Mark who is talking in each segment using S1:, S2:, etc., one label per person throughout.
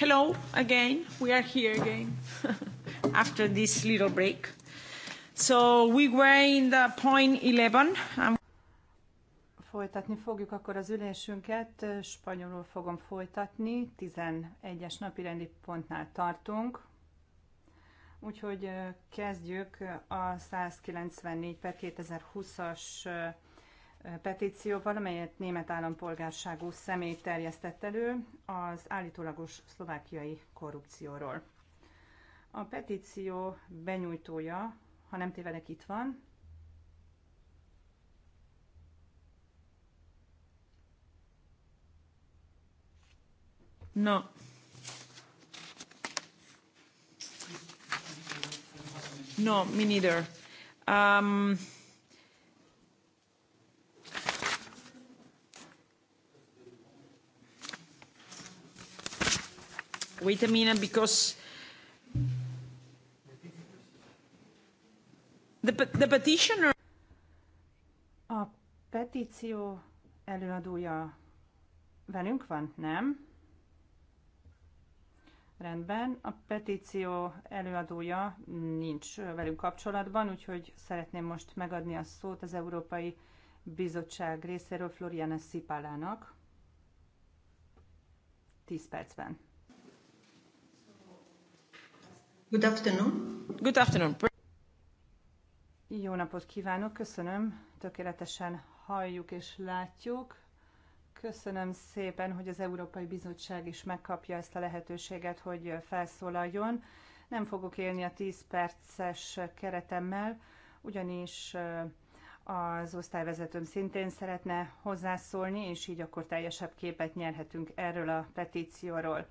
S1: Hello again. We are here again after this little break. So we were in the point 11. And...
S2: Folytatni fogjuk akkor az ülésünket. Spanyolul fogom folytatni. 11-es napi rendi pontnál tartunk. Úgyhogy kezdjük a 194 per 2020-as petícióval, amelyet német állampolgárságú személy terjesztett elő az állítólagos szlovákiai korrupcióról. A petíció benyújtója, ha nem tévedek, itt van.
S1: No. No, me neither. Um, Wait a minute, because
S2: the, the petitioner... A petíció előadója velünk van, nem? Rendben, a petíció előadója nincs velünk kapcsolatban, úgyhogy szeretném most megadni a szót az Európai Bizottság részéről Floriana Szipálának. 10 percben.
S1: Good afternoon. Good afternoon.
S2: Jó napot kívánok, köszönöm. Tökéletesen halljuk és látjuk. Köszönöm szépen, hogy az Európai Bizottság is megkapja ezt a lehetőséget, hogy felszólaljon. Nem fogok élni a 10 perces keretemmel, ugyanis az osztályvezetőm szintén szeretne hozzászólni, és így akkor teljesebb képet nyerhetünk erről a petícióról.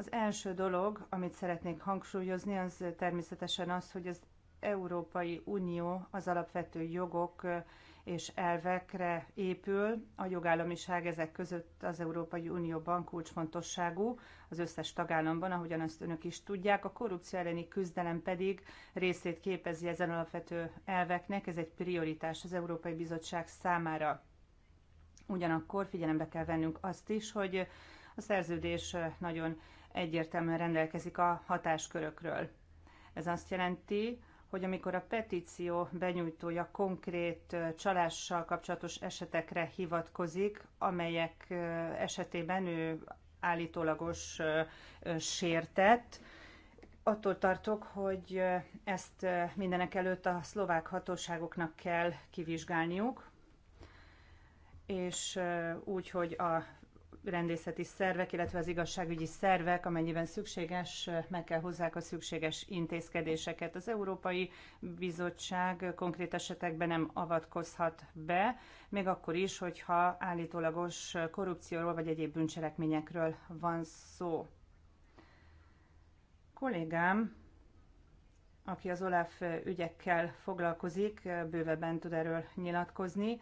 S2: Az első dolog, amit szeretnék hangsúlyozni, az természetesen az, hogy az Európai Unió az alapvető jogok és elvekre épül. A jogállamiság ezek között az Európai Unióban kulcsfontosságú, az összes tagállamban, ahogyan azt önök is tudják. A korrupció elleni küzdelem pedig részét képezi ezen alapvető elveknek, ez egy prioritás az Európai Bizottság számára. Ugyanakkor figyelembe kell vennünk azt is, hogy a szerződés nagyon egyértelműen rendelkezik a hatáskörökről. Ez azt jelenti, hogy amikor a petíció benyújtója konkrét csalással kapcsolatos esetekre hivatkozik, amelyek esetében ő állítólagos sértett, attól tartok, hogy ezt mindenek előtt a szlovák hatóságoknak kell kivizsgálniuk, és úgy, hogy a rendészeti szervek, illetve az igazságügyi szervek, amennyiben szükséges, meg kell hozzák a szükséges intézkedéseket. Az Európai Bizottság konkrét esetekben nem avatkozhat be, még akkor is, hogyha állítólagos korrupcióról vagy egyéb bűncselekményekről van szó. Kollégám, aki az OLAF ügyekkel foglalkozik, bővebben tud erről nyilatkozni.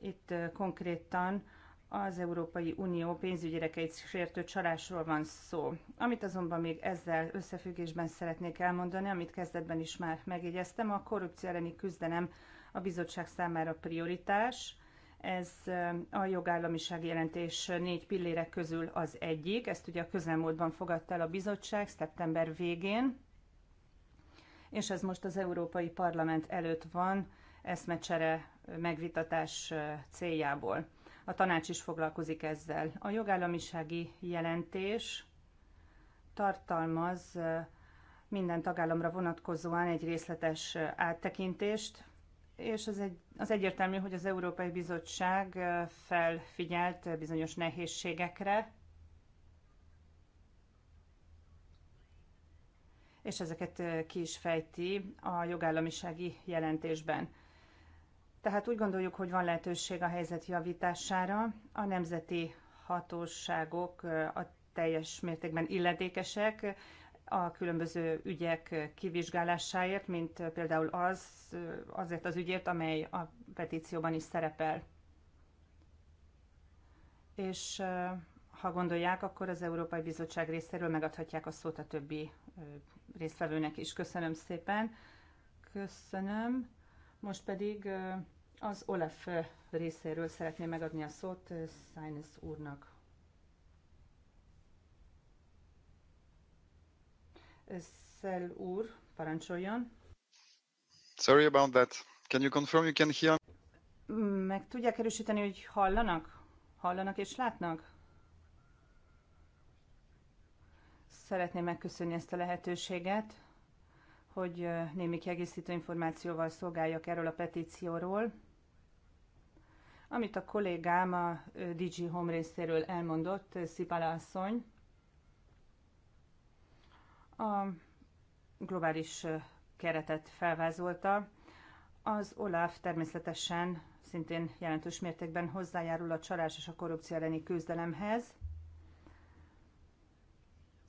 S2: Itt konkrétan az Európai Unió pénzügyerekeit sértő csalásról van szó. Amit azonban még ezzel összefüggésben szeretnék elmondani, amit kezdetben is már megjegyeztem, a korrupció elleni küzdelem a bizottság számára prioritás. Ez eh, a jogállamiság jelentés négy pillérek közül az egyik. Ezt ugye a közelmúltban fogadta el a bizottság szeptember végén, és ez most az Európai Parlament előtt van eszmecsere megvitatás eh, céljából. A tanács is foglalkozik ezzel. A jogállamisági jelentés tartalmaz minden tagállamra vonatkozóan egy részletes áttekintést, és az, egy, az egyértelmű, hogy az Európai Bizottság felfigyelt bizonyos nehézségekre, és ezeket ki is fejti a jogállamisági jelentésben. Tehát úgy gondoljuk, hogy van lehetőség a helyzet javítására. A nemzeti hatóságok a teljes mértékben illetékesek a különböző ügyek kivizsgálásáért, mint például az, azért az ügyért, amely a petícióban is szerepel. És ha gondolják, akkor az Európai Bizottság részéről megadhatják a szót a többi résztvevőnek is. Köszönöm szépen. Köszönöm. Most pedig az Olaf részéről szeretném megadni a szót Sainz úrnak. Szel úr, parancsoljon.
S1: Sorry about that. Can you confirm you can hear?
S2: Meg tudják erősíteni, hogy hallanak? Hallanak és látnak? Szeretném megköszönni ezt a lehetőséget, hogy némi kiegészítő információval szolgáljak erről a petícióról amit a kollégám a DG Home részéről elmondott, Szipala asszony, a globális keretet felvázolta. Az OLAF természetesen szintén jelentős mértékben hozzájárul a csalás és a korrupció elleni küzdelemhez.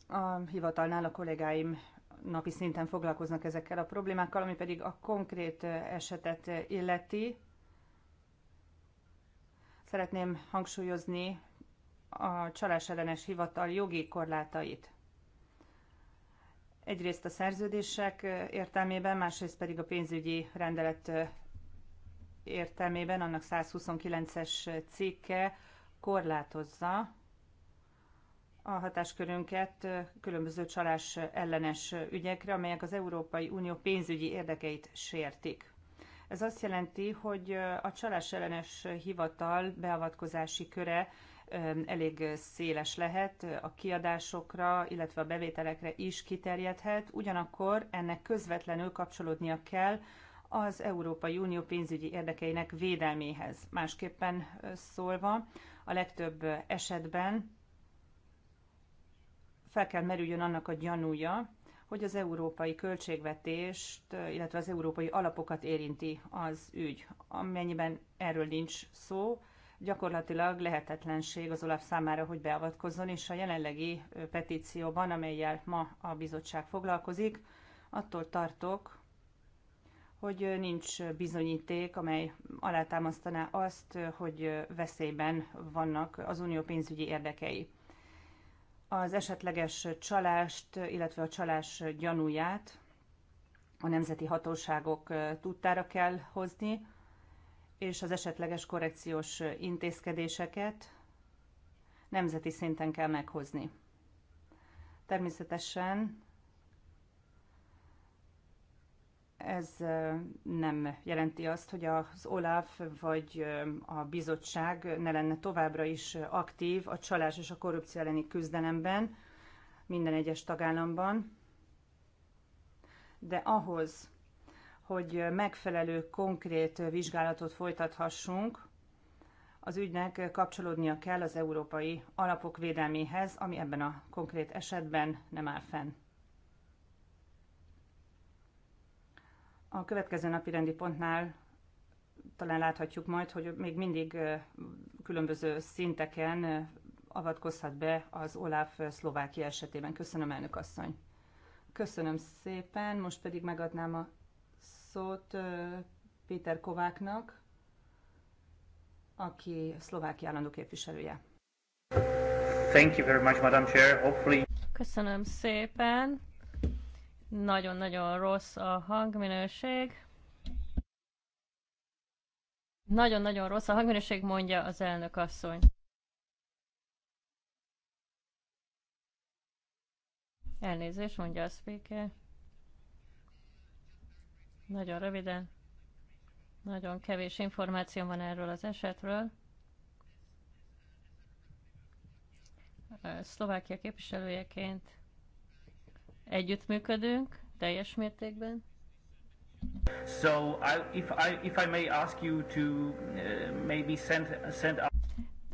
S2: A hivatalnál a kollégáim napi szinten foglalkoznak ezekkel a problémákkal, ami pedig a konkrét esetet illeti. Szeretném hangsúlyozni a csalás ellenes hivatal jogi korlátait. Egyrészt a szerződések értelmében, másrészt pedig a pénzügyi rendelet értelmében, annak 129-es cikke korlátozza a hatáskörünket különböző csalás ellenes ügyekre, amelyek az Európai Unió pénzügyi érdekeit sértik. Ez azt jelenti, hogy a csalás ellenes hivatal beavatkozási köre elég széles lehet, a kiadásokra, illetve a bevételekre is kiterjedhet, ugyanakkor ennek közvetlenül kapcsolódnia kell az Európai Unió pénzügyi érdekeinek védelméhez. Másképpen szólva, a legtöbb esetben fel kell merüljön annak a gyanúja, hogy az európai költségvetést, illetve az európai alapokat érinti az ügy. Amennyiben erről nincs szó, gyakorlatilag lehetetlenség az Olaf számára, hogy beavatkozzon, és a jelenlegi petícióban, amelyel ma a bizottság foglalkozik, attól tartok, hogy nincs bizonyíték, amely alátámasztaná azt, hogy veszélyben vannak az unió pénzügyi érdekei az esetleges csalást, illetve a csalás gyanúját a nemzeti hatóságok tudtára kell hozni, és az esetleges korrekciós intézkedéseket nemzeti szinten kell meghozni. Természetesen Ez nem jelenti azt, hogy az OLAF vagy a bizottság ne lenne továbbra is aktív a csalás és a korrupció elleni küzdelemben minden egyes tagállamban. De ahhoz, hogy megfelelő, konkrét vizsgálatot folytathassunk, az ügynek kapcsolódnia kell az európai alapok védelméhez, ami ebben a konkrét esetben nem áll fenn. A következő napi rendi pontnál talán láthatjuk majd, hogy még mindig különböző szinteken avatkozhat be az Olaf Szlovákia esetében. Köszönöm, elnök asszony. Köszönöm szépen, most pedig megadnám a szót Péter Kováknak, aki Szlovákia
S3: állandó képviselője.
S1: Thank you very much, Madam Chair. Hopefully...
S3: Köszönöm szépen. Nagyon-nagyon rossz a hangminőség. Nagyon-nagyon rossz a hangminőség, mondja az elnök asszony. Elnézést, mondja a speaker. Nagyon röviden. Nagyon kevés információ van erről az esetről. Szlovákia képviselőjeként Együttműködünk teljes mértékben.
S1: So, I, if, I, if I may ask you to uh, maybe send, send out...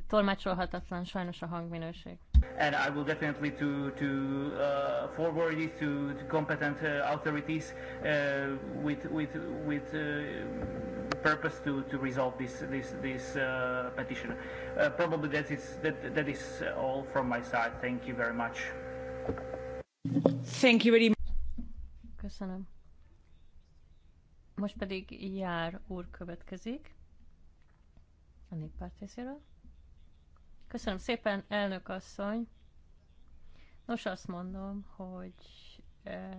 S3: Tolmácsolhatatlan sajnos a hangminőség.
S4: And I will definitely to, to uh, forward this to, to competent uh, authorities uh, with, with,
S2: with uh, purpose to, to resolve this this this uh, petition.
S1: Uh, probably that is that that is all from my side. Thank you very much. Thank you very much.
S3: Köszönöm. Most pedig Jár úr következik a néppárt részéről. Köszönöm szépen, elnök asszony. Nos, azt mondom, hogy e,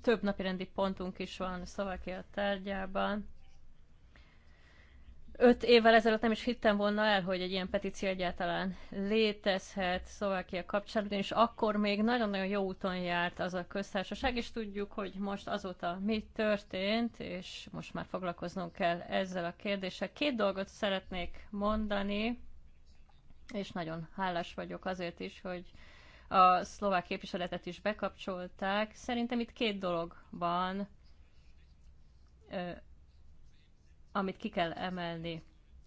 S3: több napi rendi pontunk is van Szlovákia tárgyában. Öt évvel ezelőtt nem is hittem volna el, hogy egy ilyen petíció egyáltalán létezhet Szlovákia kapcsolatban, és akkor még nagyon-nagyon jó úton járt az a köztársaság, és tudjuk, hogy most azóta mi történt, és most már foglalkoznunk kell ezzel a kérdéssel. Két dolgot szeretnék mondani, és nagyon hálás vagyok azért is, hogy a szlovák képviseletet is bekapcsolták. Szerintem itt két dolog van amit ki kell emelni,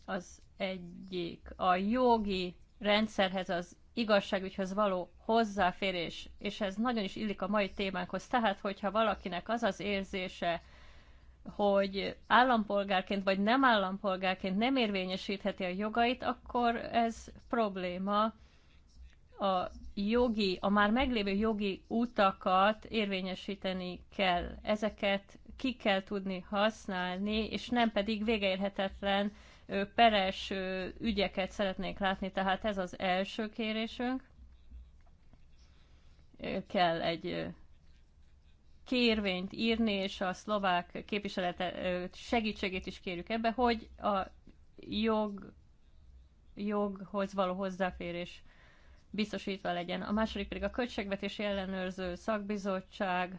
S3: az egyik a jogi rendszerhez, az igazságügyhöz való hozzáférés, és ez nagyon is illik a mai témánkhoz. Tehát, hogyha valakinek az az érzése, hogy állampolgárként vagy nem állampolgárként nem érvényesítheti a jogait, akkor ez probléma. A jogi, a már meglévő jogi utakat érvényesíteni kell. Ezeket ki kell tudni használni, és nem pedig végeérhetetlen peres ügyeket szeretnék látni. Tehát ez az első kérésünk. Kell egy kérvényt írni, és a szlovák képviselet segítségét is kérjük ebbe, hogy a jog, joghoz való hozzáférés biztosítva legyen. A második pedig a Költségvetési Ellenőrző Szakbizottságot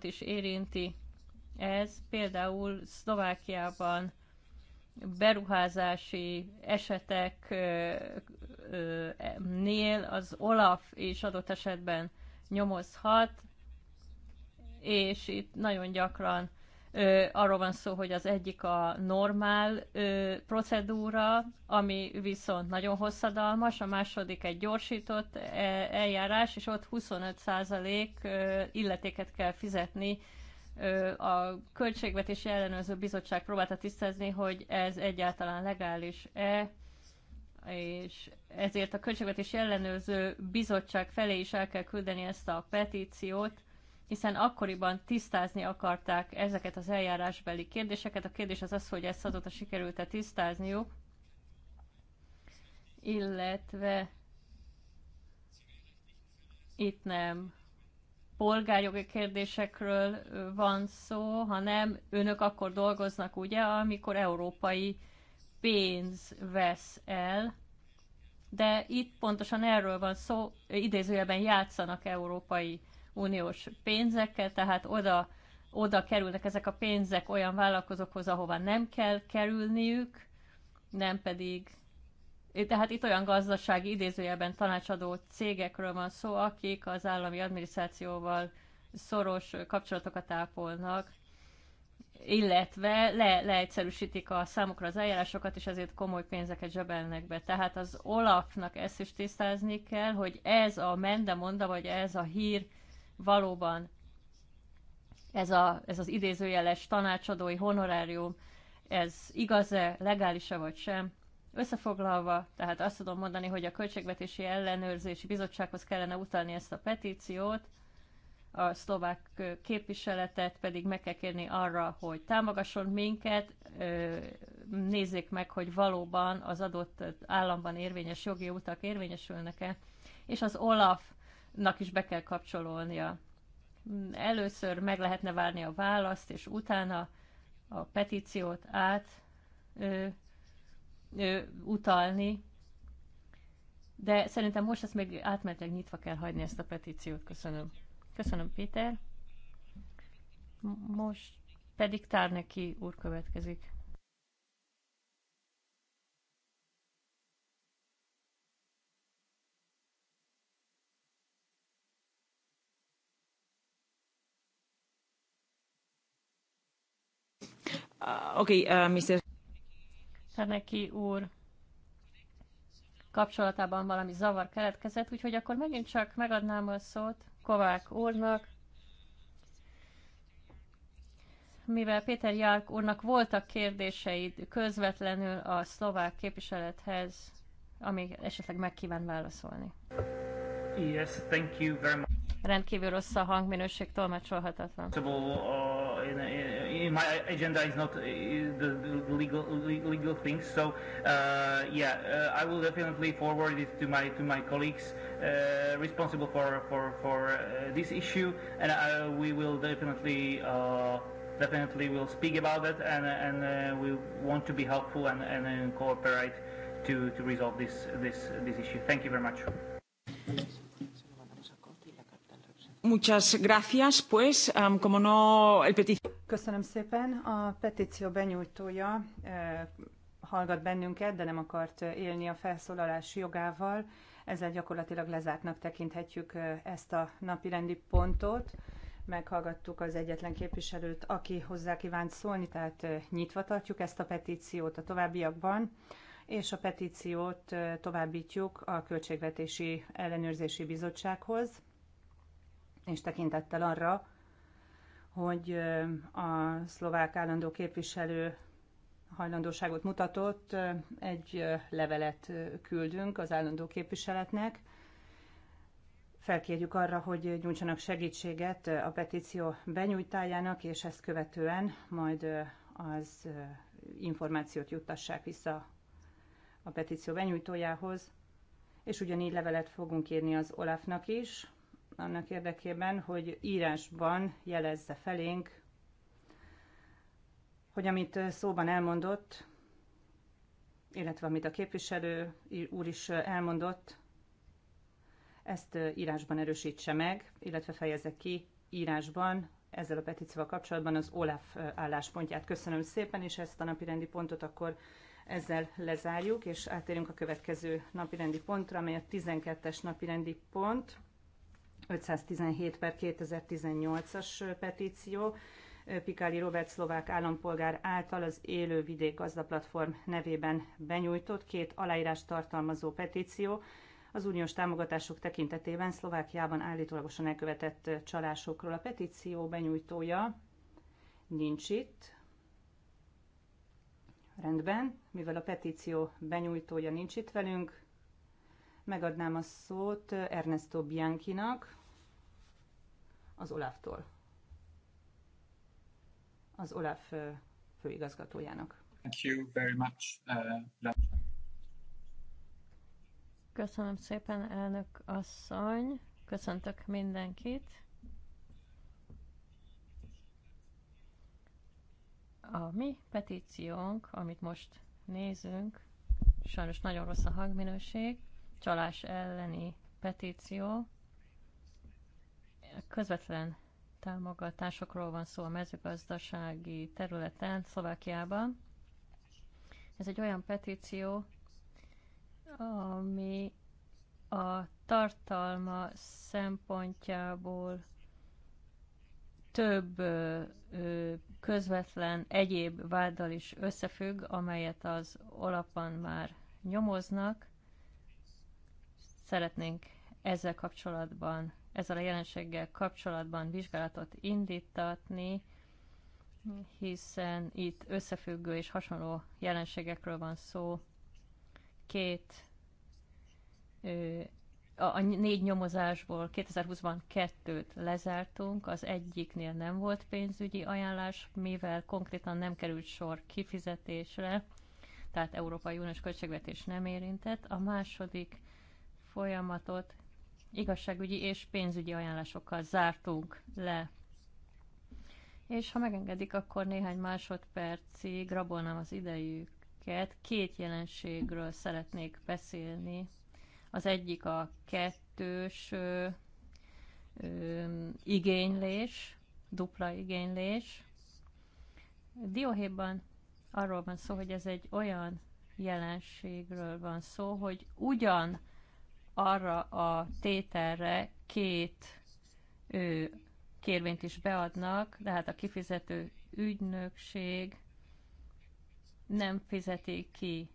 S3: is érinti ez például Szlovákiában beruházási eseteknél az Olaf is adott esetben nyomozhat, és itt nagyon gyakran ö, arról van szó, hogy az egyik a normál ö, procedúra, ami viszont nagyon hosszadalmas, a második egy gyorsított e, eljárás, és ott 25% illetéket kell fizetni a Költségvetési Ellenőrző Bizottság próbálta tisztázni, hogy ez egyáltalán legális-e, és ezért a Költségvetési Ellenőrző Bizottság felé is el kell küldeni ezt a petíciót, hiszen akkoriban tisztázni akarták ezeket az eljárásbeli kérdéseket. A kérdés az az, hogy ezt azóta sikerült-e tisztázniuk, illetve itt nem polgárjogi kérdésekről van szó, hanem önök akkor dolgoznak, ugye, amikor európai pénz vesz el, de itt pontosan erről van szó, idézőjelben játszanak Európai Uniós pénzekkel, tehát oda, oda kerülnek ezek a pénzek olyan vállalkozókhoz, ahova nem kell kerülniük, nem pedig tehát itt olyan gazdasági idézőjelben tanácsadó cégekről van szó, akik az állami adminisztrációval szoros kapcsolatokat ápolnak, illetve le, leegyszerűsítik a számukra az eljárásokat, és ezért komoly pénzeket zsebelnek be. Tehát az Olafnak ezt is tisztázni kell, hogy ez a mendemonda, vagy ez a hír valóban ez, a, ez az idézőjeles tanácsadói honorárium, ez igaz-e, legális-e vagy sem, Összefoglalva, tehát azt tudom mondani, hogy a Költségvetési Ellenőrzési Bizottsághoz kellene utalni ezt a petíciót, a szlovák képviseletet pedig meg kell kérni arra, hogy támogasson minket, nézzék meg, hogy valóban az adott államban érvényes jogi utak érvényesülnek-e, és az Olafnak is be kell kapcsolódnia. Először meg lehetne várni a választ, és utána a petíciót át utalni, de szerintem most ezt még átmenetleg nyitva kell hagyni ezt a petíciót. Köszönöm. Köszönöm, Péter. Most pedig Tárneki úr következik.
S1: Uh, ah, okay, uh, eh, Mr.
S3: Feneki úr kapcsolatában valami zavar keletkezett, úgyhogy akkor megint csak megadnám a szót Kovák úrnak, mivel Péter Járk úrnak voltak kérdéseid közvetlenül a szlovák képviselethez, amíg esetleg megkíván válaszolni. Yes, thank you very much. Rendkívül rossz a hangminőség, tolmácsolhatatlan.
S2: Uh, in, in, my agenda is not eh, the, legal legal things. So uh, yeah, uh, I will definitely forward it to my to my colleagues uh, responsible for for for this issue, and I, we will definitely definitely will speak about it, and, and uh, we want to be helpful and, and, and cooperate to, to resolve this, this, this issue. Thank you very much. Köszönöm szépen. A petíció benyújtója eh, hallgat bennünket, de nem akart eh, élni a felszólalás jogával. Ezzel gyakorlatilag lezártnak tekinthetjük eh, ezt a napirendi pontot. Meghallgattuk az egyetlen képviselőt, aki hozzá kívánt szólni, tehát nyitva tartjuk ezt a petíciót a továbbiakban és a petíciót továbbítjuk a Költségvetési Ellenőrzési Bizottsághoz és tekintettel arra, hogy a szlovák állandó képviselő hajlandóságot mutatott, egy levelet küldünk az állandó képviseletnek. Felkérjük arra, hogy nyújtsanak segítséget a petíció benyújtájának, és ezt követően majd az információt juttassák vissza a petíció benyújtójához, és ugyanígy levelet fogunk írni az Olafnak is, annak érdekében, hogy írásban jelezze felénk, hogy amit szóban elmondott, illetve amit a képviselő úr is elmondott, ezt írásban erősítse meg, illetve fejezze ki írásban ezzel a petícióval kapcsolatban az OLAF álláspontját. Köszönöm szépen, és ezt a napirendi pontot akkor ezzel lezárjuk, és átérünk a következő napirendi pontra, amely a 12-es napirendi pont. 517 per 2018-as petíció, Pikáli Robert szlovák állampolgár által az Élő Vidék Gazdaplatform nevében benyújtott két aláírás tartalmazó petíció az uniós támogatások tekintetében Szlovákiában állítólagosan elkövetett csalásokról. A petíció benyújtója nincs itt. Rendben, mivel a petíció benyújtója nincs itt velünk, megadnám a szót Ernesto Bianchinak, az Olaftól. Az Olaf főigazgatójának. Thank you very much. Uh,
S3: Köszönöm szépen, elnök asszony. Köszöntök mindenkit. A mi petíciónk, amit most nézünk, sajnos nagyon rossz a hangminőség, csalás elleni petíció, közvetlen támogatásokról van szó a mezőgazdasági területen Szlovákiában. Ez egy olyan petíció, ami a tartalma szempontjából több közvetlen egyéb váddal is összefügg, amelyet az olapan már nyomoznak. Szeretnénk ezzel kapcsolatban ezzel a jelenséggel kapcsolatban vizsgálatot indítatni, hiszen itt összefüggő és hasonló jelenségekről van szó. Két a, a négy nyomozásból 2020-ban kettőt lezártunk, az egyiknél nem volt pénzügyi ajánlás, mivel konkrétan nem került sor kifizetésre, tehát Európai Uniós költségvetés nem érintett. A második folyamatot igazságügyi és pénzügyi ajánlásokkal zártunk le. És ha megengedik, akkor néhány másodpercig rabolnám az idejüket. Két jelenségről szeretnék beszélni. Az egyik a kettős ö, ö, igénylés, dupla igénylés. Dióhéjban arról van szó, hogy ez egy olyan jelenségről van szó, hogy ugyan arra a tételre két ő, kérvényt is beadnak, de hát a kifizető ügynökség nem fizeti ki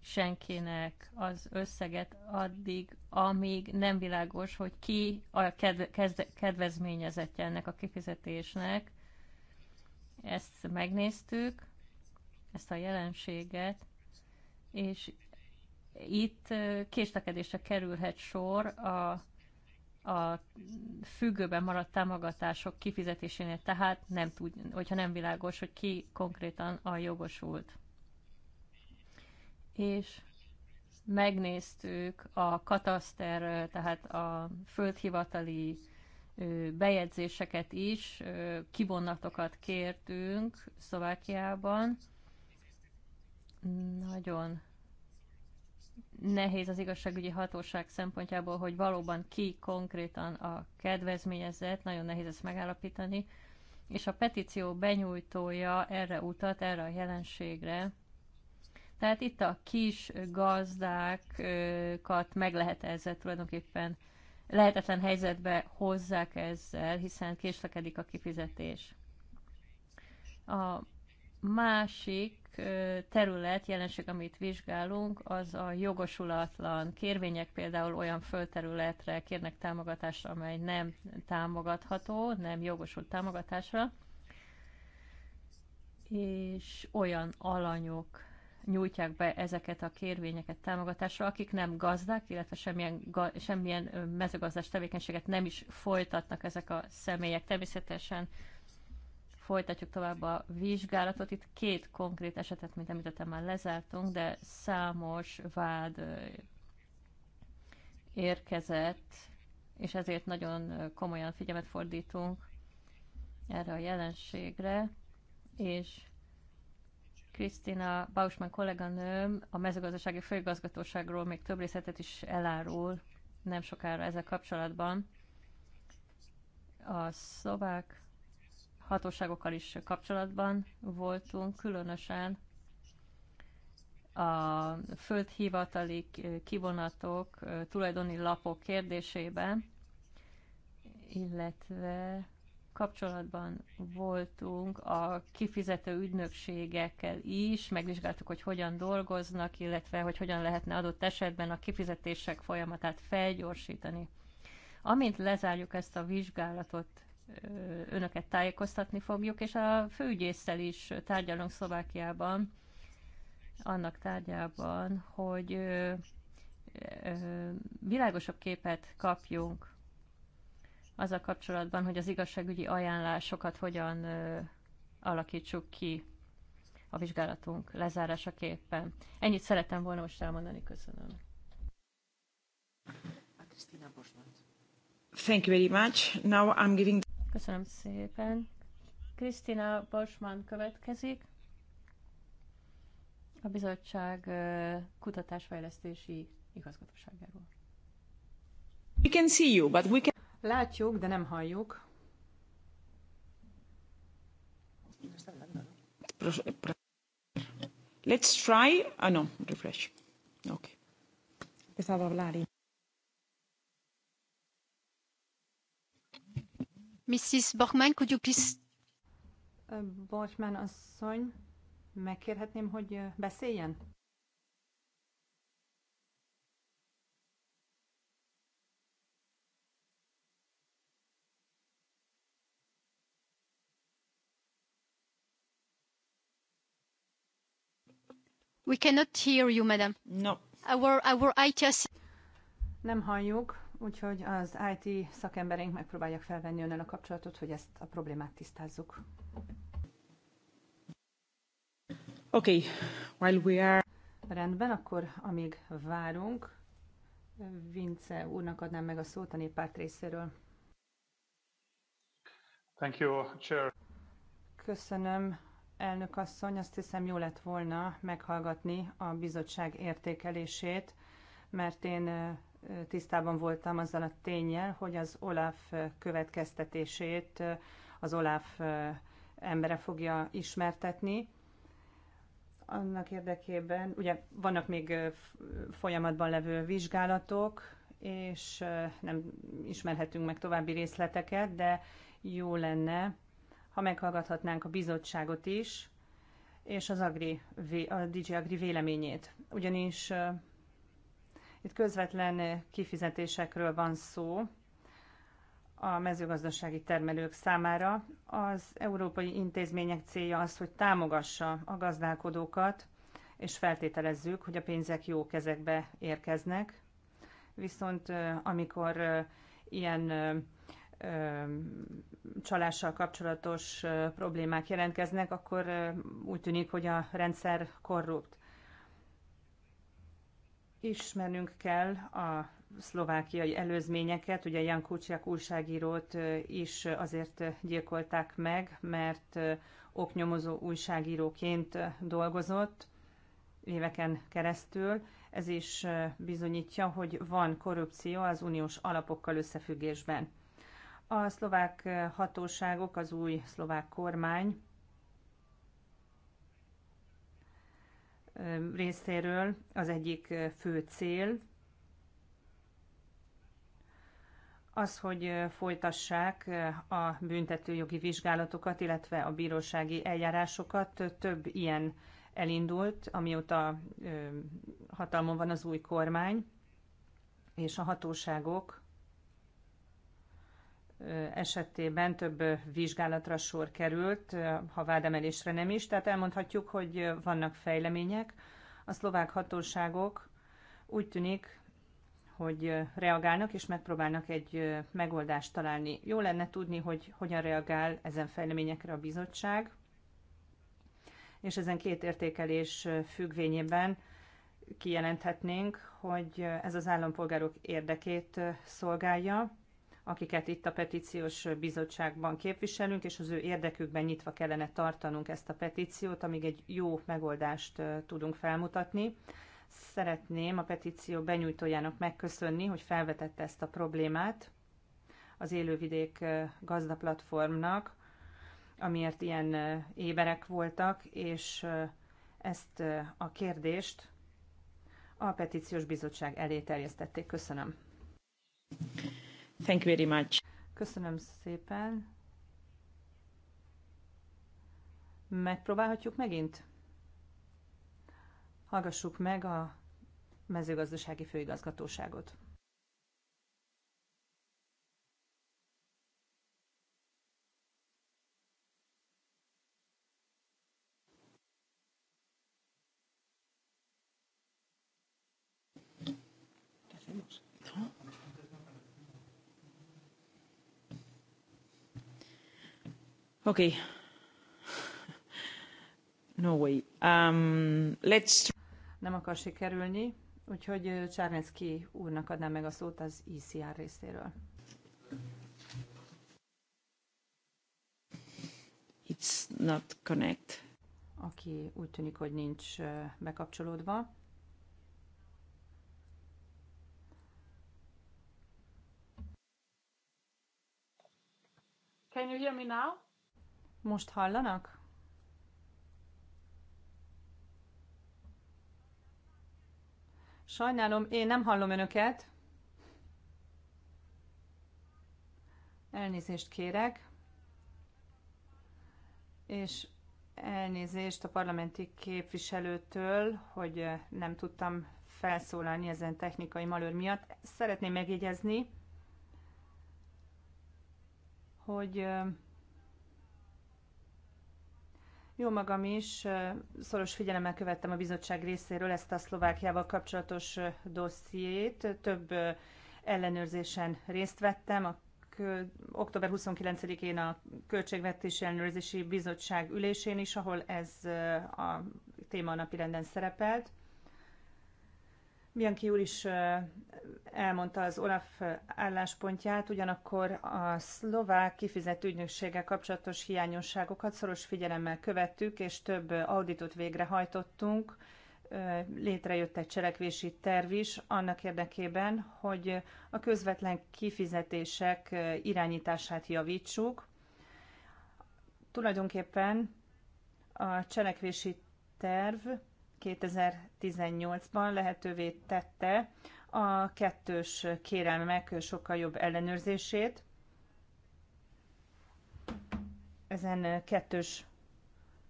S3: senkinek az összeget addig, amíg nem világos, hogy ki a kedvezményezetje ennek a kifizetésnek. Ezt megnéztük, ezt a jelenséget, és itt késlekedésre kerülhet sor a a függőben maradt támogatások kifizetésénél, tehát nem tud, hogyha nem világos, hogy ki konkrétan a jogosult. És megnéztük a kataszter, tehát a földhivatali bejegyzéseket is, kivonatokat kértünk Szlovákiában. Nagyon nehéz az igazságügyi hatóság szempontjából, hogy valóban ki konkrétan a kedvezményezett, nagyon nehéz ezt megállapítani, és a petíció benyújtója erre utat, erre a jelenségre. Tehát itt a kis gazdákat meg lehet ezzel tulajdonképpen lehetetlen helyzetbe hozzák ezzel, hiszen késlekedik a kifizetés. A másik terület, jelenség, amit vizsgálunk, az a jogosulatlan kérvények például olyan földterületre kérnek támogatásra, amely nem támogatható, nem jogosult támogatásra, és olyan alanyok nyújtják be ezeket a kérvényeket támogatásra, akik nem gazdák, illetve semmilyen, ga, semmilyen mezőgazdás tevékenységet nem is folytatnak ezek a személyek. Természetesen folytatjuk tovább a vizsgálatot. Itt két konkrét esetet, mint említettem, már lezártunk, de számos vád érkezett, és ezért nagyon komolyan figyelmet fordítunk erre a jelenségre, és Krisztina Bausman kolléganőm a mezőgazdasági főigazgatóságról még több részletet is elárul nem sokára ezzel kapcsolatban. A szlovák hatóságokkal is kapcsolatban voltunk, különösen a földhivatali kivonatok, tulajdoni lapok kérdésében, illetve kapcsolatban voltunk a kifizető ügynökségekkel is, megvizsgáltuk, hogy hogyan dolgoznak, illetve hogy hogyan lehetne adott esetben a kifizetések folyamatát felgyorsítani. Amint lezárjuk ezt a vizsgálatot önöket tájékoztatni fogjuk, és a főügyészsel is tárgyalunk Szlovákiában, annak tárgyában, hogy világosabb képet kapjunk az a kapcsolatban, hogy az igazságügyi ajánlásokat hogyan alakítsuk ki a vizsgálatunk lezárásaképpen. Ennyit szerettem volna most elmondani, köszönöm. Thank you very much. Now I'm giving Köszönöm szépen. Krisztina Bosman következik. A bizottság kutatásfejlesztési igazgatóságáról.
S1: We can see you, but we can... Látjuk, de nem halljuk. Let's try. Ah, no, refresh. Okay.
S2: Empezado a hablar y... Mrs. Borgman, could you please... Borgman asszony, megkérhetném, hogy beszéljen?
S4: We cannot hear you, madam. No.
S3: Our,
S2: our ITS... Nem halljuk úgyhogy az IT szakemberénk megpróbálják felvenni önnel a kapcsolatot, hogy ezt a problémát tisztázzuk. Oké, okay. while we are... Rendben, akkor amíg várunk, Vince úrnak adnám meg a szót a néppárt részéről.
S5: Thank you, Chair.
S2: Köszönöm, elnök asszony. Azt hiszem, jó lett volna meghallgatni a bizottság értékelését, mert én tisztában voltam azzal a tényel, hogy az Olaf következtetését az Olaf embere fogja ismertetni. Annak érdekében, ugye vannak még folyamatban levő vizsgálatok, és nem ismerhetünk meg további részleteket, de jó lenne, ha meghallgathatnánk a bizottságot is, és az Agri, a DJ Agri véleményét. Ugyanis itt közvetlen kifizetésekről van szó a mezőgazdasági termelők számára. Az európai intézmények célja az, hogy támogassa a gazdálkodókat, és feltételezzük, hogy a pénzek jó kezekbe érkeznek. Viszont amikor ilyen csalással kapcsolatos problémák jelentkeznek, akkor úgy tűnik, hogy a rendszer korrupt ismernünk kell a szlovákiai előzményeket. Ugye Jan Kuciak újságírót is azért gyilkolták meg, mert oknyomozó újságíróként dolgozott éveken keresztül. Ez is bizonyítja, hogy van korrupció az uniós alapokkal összefüggésben. A szlovák hatóságok, az új szlovák kormány részéről az egyik fő cél az, hogy folytassák a büntetőjogi vizsgálatokat, illetve a bírósági eljárásokat. Több ilyen elindult, amióta hatalmon van az új kormány, és a hatóságok esetében több vizsgálatra sor került, ha vádemelésre nem is, tehát elmondhatjuk, hogy vannak fejlemények. A szlovák hatóságok úgy tűnik, hogy reagálnak és megpróbálnak egy megoldást találni. Jó lenne tudni, hogy hogyan reagál ezen fejleményekre a bizottság, és ezen két értékelés függvényében kijelenthetnénk, hogy ez az állampolgárok érdekét szolgálja, akiket itt a petíciós bizottságban képviselünk, és az ő érdekükben nyitva kellene tartanunk ezt a petíciót, amíg egy jó megoldást tudunk felmutatni. Szeretném a petíció benyújtójának megköszönni, hogy felvetette ezt a problémát az élővidék gazda platformnak, amiért ilyen éberek voltak, és ezt a kérdést a petíciós bizottság elé terjesztették. Köszönöm. Thank you very much. Köszönöm szépen. Megpróbálhatjuk megint? Hallgassuk meg a mezőgazdasági főigazgatóságot. Okay. No way. Um, let's... Nem akar sikerülni, úgyhogy Csárnecki úrnak adnám meg a szót az ICR e részéről. It's not
S1: connect.
S2: Aki úgy tűnik, hogy nincs bekapcsolódva.
S1: Can you hear me now?
S2: Most hallanak? Sajnálom, én nem hallom önöket. Elnézést kérek. És elnézést a parlamenti képviselőtől, hogy nem tudtam felszólalni ezen technikai malőr miatt. Szeretném megjegyezni, hogy jó magam is, szoros figyelemmel követtem a bizottság részéről ezt a Szlovákiával kapcsolatos dossziét. Több ellenőrzésen részt vettem. A október 29-én a Költségvetési Ellenőrzési Bizottság ülésén is, ahol ez a téma napirenden szerepelt. Bianchi úr is elmondta az Olaf álláspontját, ugyanakkor a szlovák kifizett ügynökséggel kapcsolatos hiányosságokat szoros figyelemmel követtük, és több auditot végrehajtottunk. Létrejött egy cselekvési terv is annak érdekében, hogy a közvetlen kifizetések irányítását javítsuk. Tulajdonképpen a cselekvési terv 2018-ban lehetővé tette a kettős kérelmek sokkal jobb ellenőrzését. Ezen kettős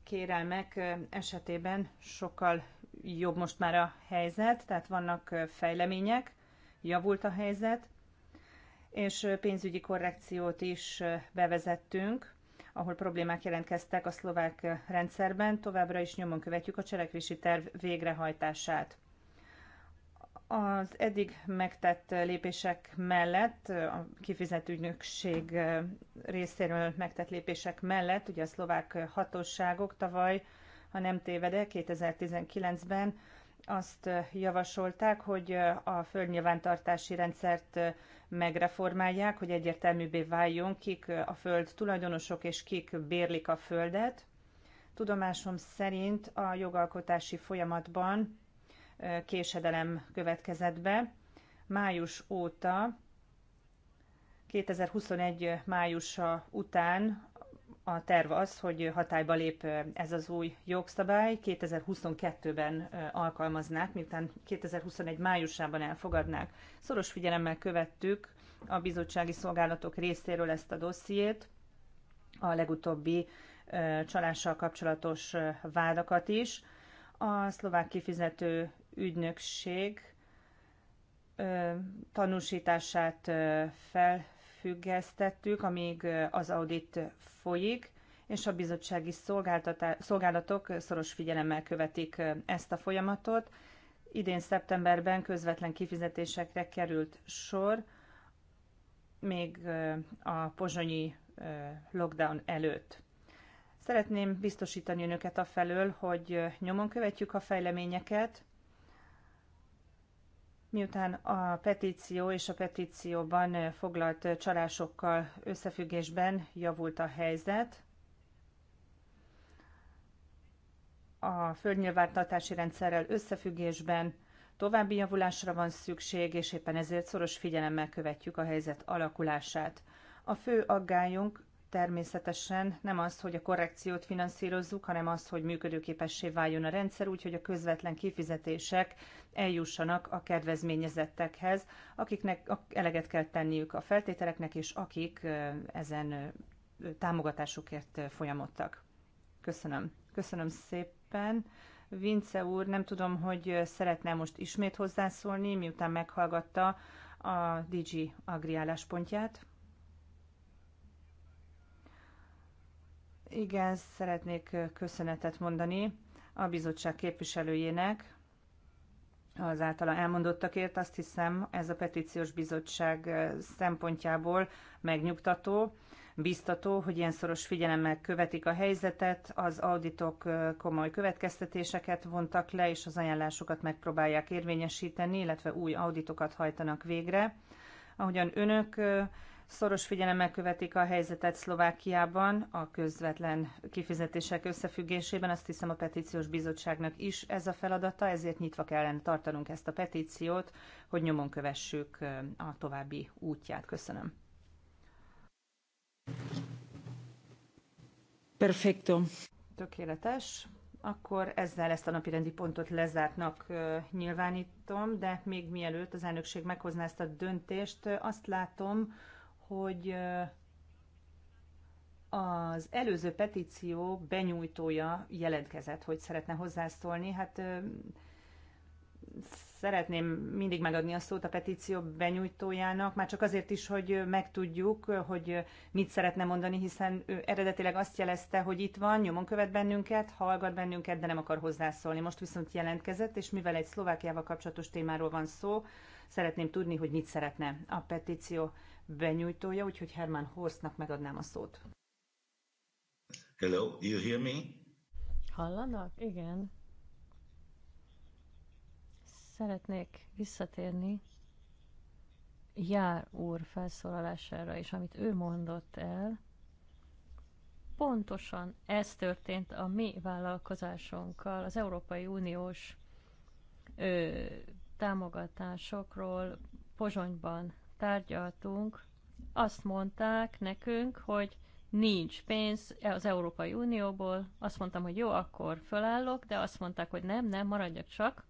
S2: kérelmek esetében sokkal jobb most már a helyzet, tehát vannak fejlemények, javult a helyzet, és pénzügyi korrekciót is bevezettünk ahol problémák jelentkeztek a szlovák rendszerben, továbbra is nyomon követjük a cselekvési terv végrehajtását. Az eddig megtett lépések mellett, a kifizető ügynökség részéről megtett lépések mellett, ugye a szlovák hatóságok tavaly, ha nem tévedek, 2019-ben azt javasolták, hogy a földnyilvántartási rendszert megreformálják, hogy egyértelműbbé váljon, kik a föld tulajdonosok és kik bérlik a földet. Tudomásom szerint a jogalkotási folyamatban késedelem következett be. Május óta, 2021 májusa után a terv az, hogy hatályba lép ez az új jogszabály, 2022-ben alkalmaznák, miután 2021 májusában elfogadnák. Szoros figyelemmel követtük a bizottsági szolgálatok részéről ezt a dossziét, a legutóbbi csalással kapcsolatos vádakat is. A szlovák kifizető ügynökség tanúsítását fel felfüggesztettük, amíg az audit folyik, és a bizottsági szolgálatok szoros figyelemmel követik ezt a folyamatot. Idén szeptemberben közvetlen kifizetésekre került sor, még a pozsonyi lockdown előtt. Szeretném biztosítani önöket a felől, hogy nyomon követjük a fejleményeket, Miután a petíció és a petícióban foglalt csalásokkal összefüggésben javult a helyzet, a földnyilvántartási rendszerrel összefüggésben további javulásra van szükség, és éppen ezért szoros figyelemmel követjük a helyzet alakulását. A fő aggályunk természetesen nem az, hogy a korrekciót finanszírozzuk, hanem az, hogy működőképessé váljon a rendszer, úgyhogy a közvetlen kifizetések eljussanak a kedvezményezettekhez, akiknek eleget kell tenniük a feltételeknek, és akik ezen támogatásukért folyamodtak. Köszönöm. Köszönöm szépen. Vince úr, nem tudom, hogy szeretne most ismét hozzászólni, miután meghallgatta a DG Agri pontját. Igen, szeretnék köszönetet mondani a bizottság képviselőjének az általa elmondottakért. Azt hiszem, ez a petíciós bizottság szempontjából megnyugtató, biztató, hogy ilyen szoros figyelemmel követik a helyzetet, az auditok komoly következtetéseket vontak le, és az ajánlásokat megpróbálják érvényesíteni, illetve új auditokat hajtanak végre. Ahogyan önök Szoros figyelemmel követik a helyzetet Szlovákiában, a közvetlen kifizetések összefüggésében. Azt hiszem a petíciós bizottságnak is ez a feladata, ezért nyitva kellene tartanunk ezt a petíciót, hogy nyomon kövessük a további útját. Köszönöm.
S1: Perfecto.
S2: Tökéletes. Akkor ezzel ezt a napirendi pontot lezártnak nyilvánítom, de még mielőtt az elnökség meghozná ezt a döntést, azt látom, hogy az előző petíció benyújtója jelentkezett, hogy szeretne hozzászólni. Hát szeretném mindig megadni a szót a petíció benyújtójának, már csak azért is, hogy megtudjuk, hogy mit szeretne mondani, hiszen ő eredetileg azt jelezte, hogy itt van, nyomon követ bennünket, hallgat bennünket, de nem akar hozzászólni. Most viszont jelentkezett, és mivel egy Szlovákiával kapcsolatos témáról van szó, szeretném tudni, hogy mit szeretne a petíció benyújtója, úgyhogy Herman Horstnak
S3: megadnám a szót.
S4: Hello, you hear me?
S3: Hallanak? Igen. Szeretnék visszatérni Jár úr felszólalására, és amit ő mondott el, pontosan ez történt a mi vállalkozásunkkal, az Európai Uniós ö, támogatásokról Pozsonyban tárgyaltunk, azt mondták nekünk, hogy nincs pénz az Európai Unióból. Azt mondtam, hogy jó, akkor fölállok, de azt mondták, hogy nem, nem, maradjak csak.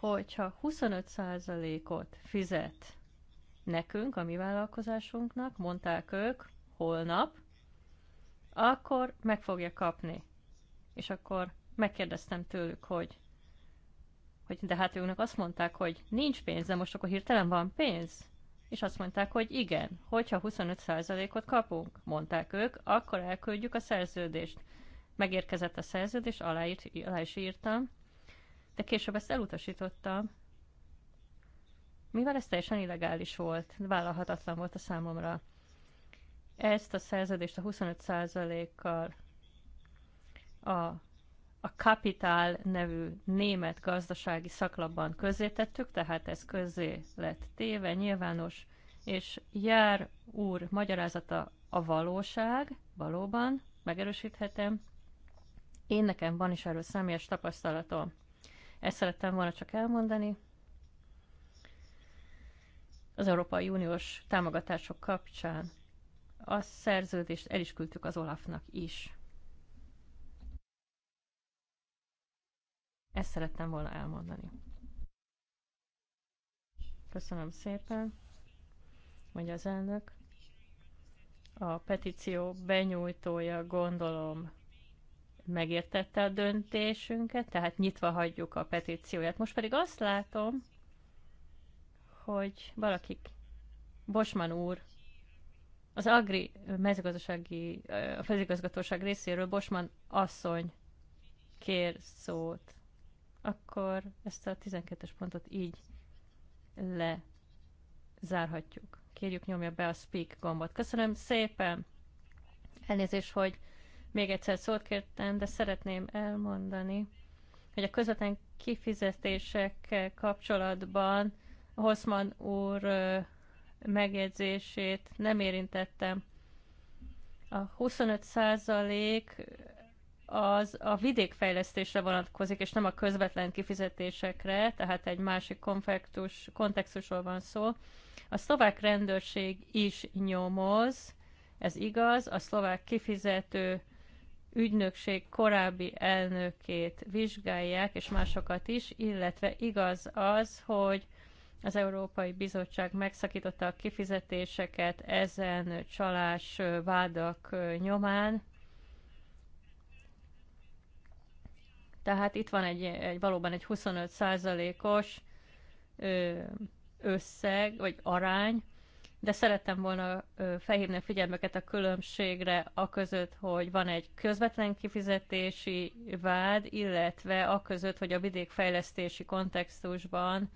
S3: Hogyha 25%-ot fizet nekünk, a mi vállalkozásunknak, mondták ők, holnap, akkor meg fogja kapni. És akkor megkérdeztem tőlük, hogy hogy de hát őknek azt mondták, hogy nincs pénz, de most akkor hirtelen van pénz? És azt mondták, hogy igen, hogyha 25%-ot kapunk, mondták ők, akkor elküldjük a szerződést. Megérkezett a szerződés, aláírt, alá is írtam, de később ezt elutasítottam, mivel ez teljesen illegális volt, vállalhatatlan volt a számomra. Ezt a szerződést a 25%-kal a a Kapital nevű német gazdasági szaklapban közzétettük, tehát ez közzé lett téve, nyilvános, és jár úr magyarázata a valóság, valóban, megerősíthetem. Én nekem van is erről személyes tapasztalatom. Ezt szerettem volna csak elmondani. Az Európai Uniós támogatások kapcsán a szerződést el is küldtük az Olafnak is. Ezt szerettem volna elmondani. Köszönöm szépen, mondja az elnök. A petíció benyújtója, gondolom, megértette a döntésünket, tehát nyitva hagyjuk a petícióját. Most pedig azt látom, hogy valaki, Bosman úr, az Agri mezőgazdasági, a főigazgatóság részéről Bosman asszony kér szót akkor ezt a 12-es pontot így lezárhatjuk. Kérjük nyomja be a speak gombot. Köszönöm szépen! Elnézést, hogy még egyszer szót kértem, de szeretném elmondani, hogy a közvetlen kifizetésekkel kapcsolatban Hosszman úr megjegyzését nem érintettem. A 25 százalék az a vidékfejlesztésre vonatkozik, és nem a közvetlen kifizetésekre, tehát egy másik konfektus, kontextusról van szó. A szlovák rendőrség is nyomoz, ez igaz, a szlovák kifizető ügynökség korábbi elnökét vizsgálják, és másokat is, illetve igaz az, hogy az Európai Bizottság megszakította a kifizetéseket ezen csalás vádak nyomán, Tehát itt van egy, egy valóban egy 25%-os összeg, vagy arány, de szerettem volna felhívni a figyelmeket a különbségre a között, hogy van egy közvetlen kifizetési vád, illetve a között, hogy a vidékfejlesztési kontextusban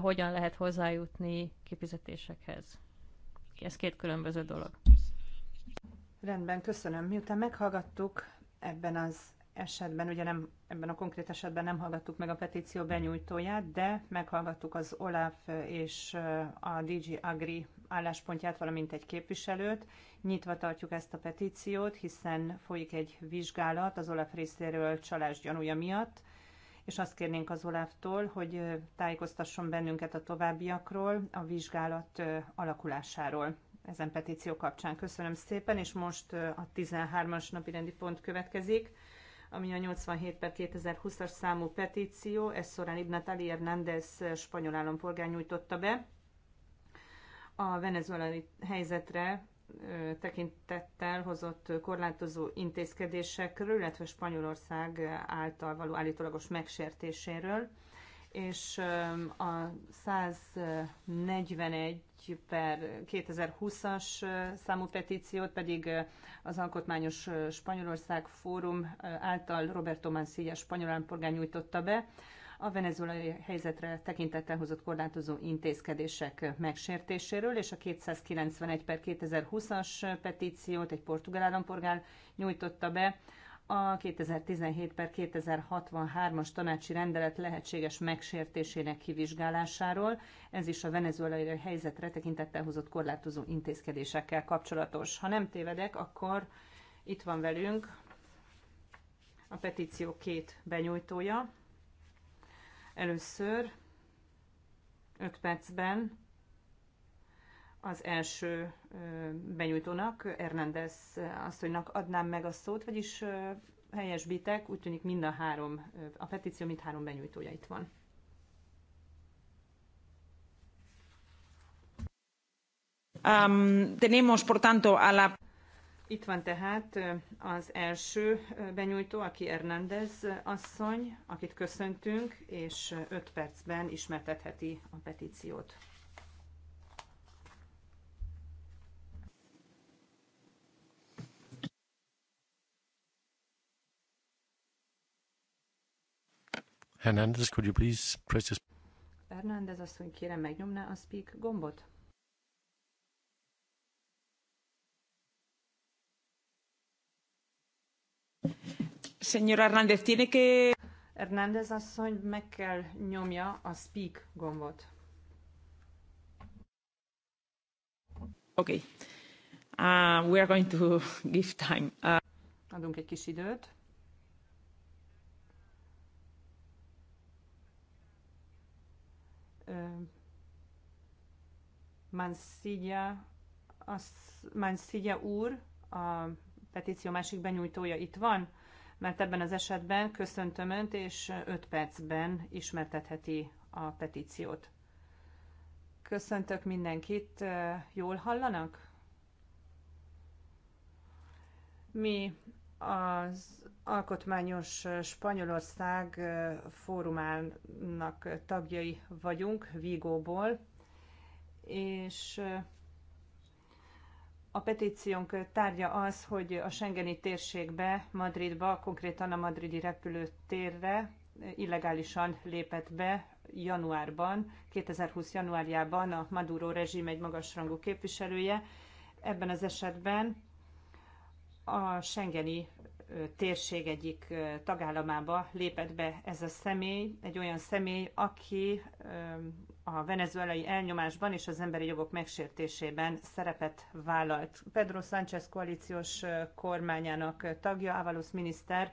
S3: hogyan lehet hozzájutni kifizetésekhez. Ez két különböző dolog.
S2: Rendben, köszönöm. Miután meghallgattuk ebben az esetben, ugye nem, ebben a konkrét esetben nem hallgattuk meg a petíció benyújtóját, de meghallgattuk az OLAF és a DG Agri álláspontját, valamint egy képviselőt. Nyitva tartjuk ezt a petíciót, hiszen folyik egy vizsgálat az OLAF részéről csalás gyanúja miatt, és azt kérnénk az olaf hogy tájékoztasson bennünket a továbbiakról, a vizsgálat alakulásáról ezen petíció kapcsán. Köszönöm szépen, és most a 13-as napi rendi pont következik ami a 87 per 2020-as számú petíció, ez Során Ibn Natali Hernández spanyol állampolgár nyújtotta be. A venezuelai helyzetre tekintettel hozott korlátozó intézkedésekről, illetve Spanyolország által való állítólagos megsértéséről, és a 141 per 2020-as számú petíciót, pedig az Alkotmányos Spanyolország Fórum által Roberto Mancilla spanyol állampolgár nyújtotta be a venezuelai helyzetre tekintettel hozott korlátozó intézkedések megsértéséről, és a 291 per 2020-as petíciót egy portugál állampolgár nyújtotta be a 2017 per 2063-as tanácsi rendelet lehetséges megsértésének kivizsgálásáról. Ez is a venezuelai helyzetre tekintettel hozott korlátozó intézkedésekkel kapcsolatos. Ha nem tévedek, akkor itt van velünk a petíció két benyújtója. Először 5 percben az első benyújtónak, Hernández asszonynak adnám meg a szót, vagyis helyesbitek, úgy tűnik mind a három, a petíció mind három benyújtója itt van.
S1: Um, tenemos, por tanto,
S2: a la... Itt van tehát az első benyújtó, aki Hernández asszony, akit köszöntünk, és öt percben ismertetheti a petíciót.
S4: Hernandez, could you please press this?
S2: Hernández asszony, kérem megnyomná a speak gombot. Señora Hernández, tiene que... Hernández asszony meg kell nyomja a speak gombot.
S1: Okay. Uh, we are going to give time. Uh...
S2: Adunk egy kis időt. Mansilla, az, Mansilla úr, a petíció másik benyújtója itt van, mert ebben az esetben köszöntöm Önt, és 5 percben ismertetheti a petíciót. Köszöntök mindenkit, jól hallanak? Mi az alkotmányos Spanyolország fórumának tagjai vagyunk, Vigóból, és a petíciónk tárgya az, hogy a Schengeni térségbe, Madridba, konkrétan a madridi repülőtérre illegálisan lépett be januárban, 2020 januárjában a Maduro rezsim egy magasrangú képviselője. Ebben az esetben a Schengeni térség egyik tagállamába lépett be ez a személy, egy olyan személy, aki a venezuelai elnyomásban és az emberi jogok megsértésében szerepet vállalt. Pedro Sánchez koalíciós kormányának tagja, Ávalos miniszter,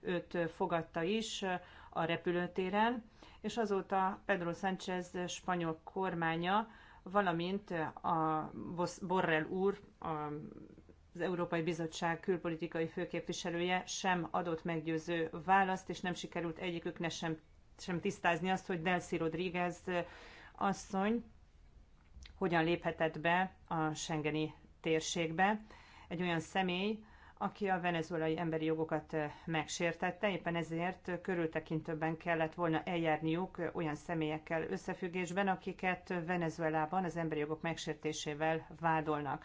S2: őt fogadta is a repülőtéren, és azóta Pedro Sánchez spanyol kormánya, valamint a Borrell úr, a az Európai Bizottság külpolitikai főképviselője sem adott meggyőző választ, és nem sikerült egyiküknek sem, sem tisztázni azt, hogy Delcy Rodriguez asszony hogyan léphetett be a Schengeni térségbe. Egy olyan személy, aki a venezuelai emberi jogokat megsértette, éppen ezért körültekintőbben kellett volna eljárniuk olyan személyekkel összefüggésben, akiket Venezuelában az emberi jogok megsértésével vádolnak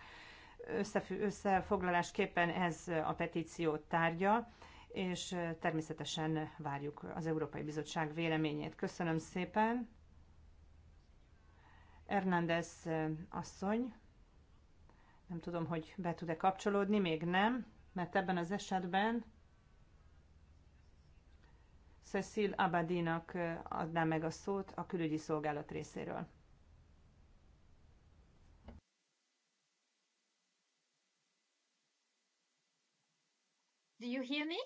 S2: összefoglalásképpen ez a petíció tárgya, és természetesen várjuk az Európai Bizottság véleményét. Köszönöm szépen. Hernández asszony, nem tudom, hogy be tud-e kapcsolódni, még nem, mert ebben az esetben Cecil Abadinak adná meg a szót a külügyi szolgálat részéről.
S4: Do you
S3: hear me?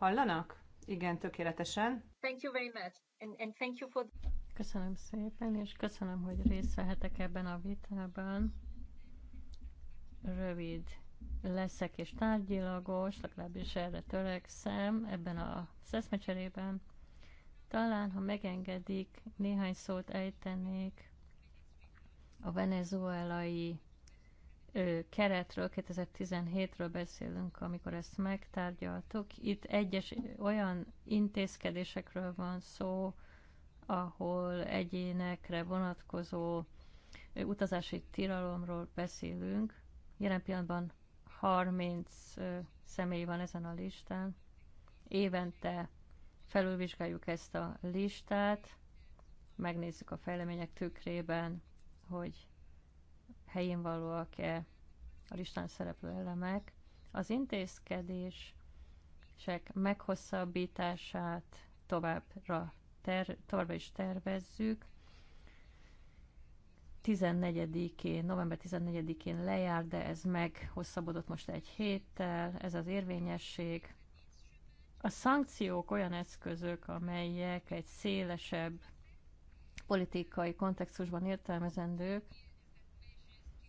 S2: Hallanak? Igen,
S3: tökéletesen. Thank you very much. And, and thank you for... Köszönöm szépen, és köszönöm, hogy részt vehetek ebben a vitában. Rövid leszek és tárgyilagos, legalábbis erre törekszem ebben a szeszmecserében. Talán, ha megengedik, néhány szót ejtenék a venezuelai keretről, 2017-ről beszélünk, amikor ezt megtárgyaltuk. Itt egyes olyan intézkedésekről van szó, ahol egyénekre vonatkozó utazási tilalomról beszélünk. Jelen pillanatban 30 személy van ezen a listán. Évente felülvizsgáljuk ezt a listát, megnézzük a fejlemények tükrében, hogy helyén valóak-e a listán szereplő elemek. Az intézkedések meghosszabbítását továbbra ter, továbbra is tervezzük. 14-én, november 14-én lejár, de ez meghosszabbodott most egy héttel, ez az érvényesség. A szankciók olyan eszközök, amelyek egy szélesebb politikai kontextusban értelmezendők,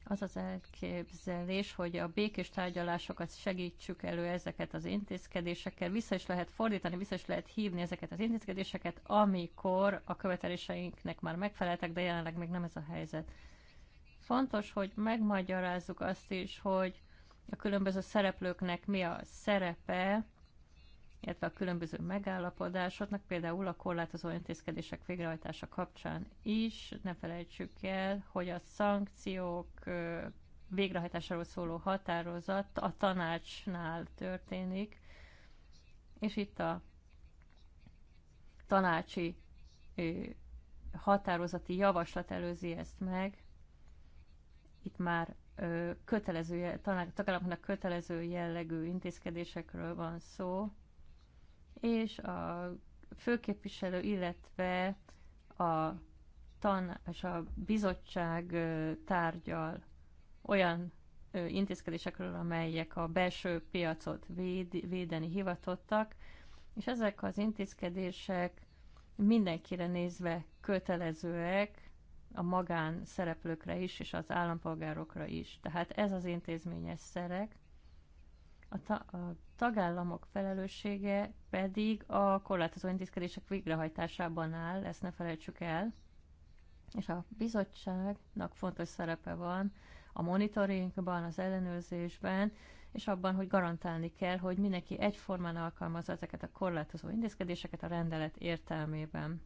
S3: az az elképzelés, hogy a békés tárgyalásokat segítsük elő ezeket az intézkedésekkel, vissza is lehet fordítani, vissza is lehet hívni ezeket az intézkedéseket, amikor a követeléseinknek már megfeleltek, de jelenleg még nem ez a helyzet. Fontos, hogy megmagyarázzuk azt is, hogy a különböző szereplőknek mi a szerepe, illetve a különböző megállapodásoknak, például a korlátozó intézkedések végrehajtása kapcsán is. Ne felejtsük el, hogy a szankciók végrehajtásáról szóló határozat a tanácsnál történik, és itt a tanácsi határozati javaslat előzi ezt meg. Itt már kötelező, tagállamoknak kötelező jellegű intézkedésekről van szó, és a főképviselő, illetve a tan és a bizottság tárgyal olyan intézkedésekről, amelyek a belső piacot véd, védeni hivatottak, és ezek az intézkedések mindenkire nézve kötelezőek, a magán szereplőkre is, és az állampolgárokra is. Tehát ez az intézményes szerek, a, ta- a tagállamok felelőssége pedig a korlátozó intézkedések végrehajtásában áll, ezt ne felejtsük el, és a bizottságnak fontos szerepe van a monitoringban, az ellenőrzésben, és abban, hogy garantálni kell, hogy mindenki egyformán alkalmazza ezeket a korlátozó intézkedéseket a rendelet értelmében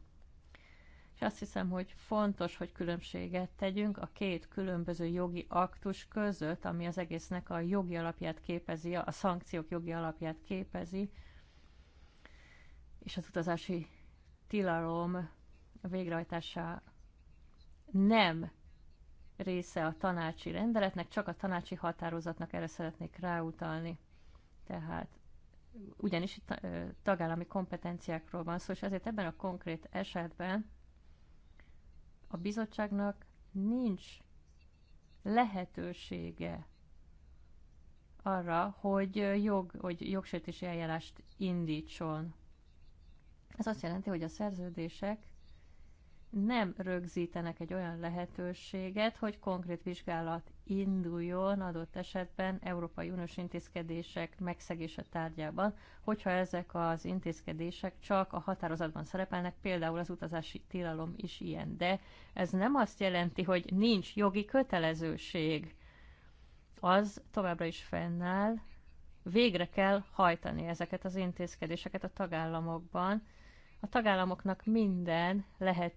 S3: és azt hiszem, hogy fontos, hogy különbséget tegyünk a két különböző jogi aktus között, ami az egésznek a jogi alapját képezi, a szankciók jogi alapját képezi, és az utazási tilalom végrehajtása nem része a tanácsi rendeletnek, csak a tanácsi határozatnak erre szeretnék ráutalni. Tehát ugyanis itt tagállami kompetenciákról van szó, és ezért ebben a konkrét esetben a bizottságnak nincs lehetősége arra, hogy, jog, hogy jogsértési eljárást indítson. Ez azt jelenti, hogy a szerződések nem rögzítenek egy olyan lehetőséget, hogy konkrét vizsgálat induljon adott esetben Európai Uniós intézkedések megszegése tárgyában, hogyha ezek az intézkedések csak a határozatban szerepelnek, például az utazási tilalom is ilyen. De ez nem azt jelenti, hogy nincs jogi kötelezőség. Az továbbra is fennáll, végre kell hajtani ezeket az intézkedéseket a tagállamokban. A tagállamoknak minden lehet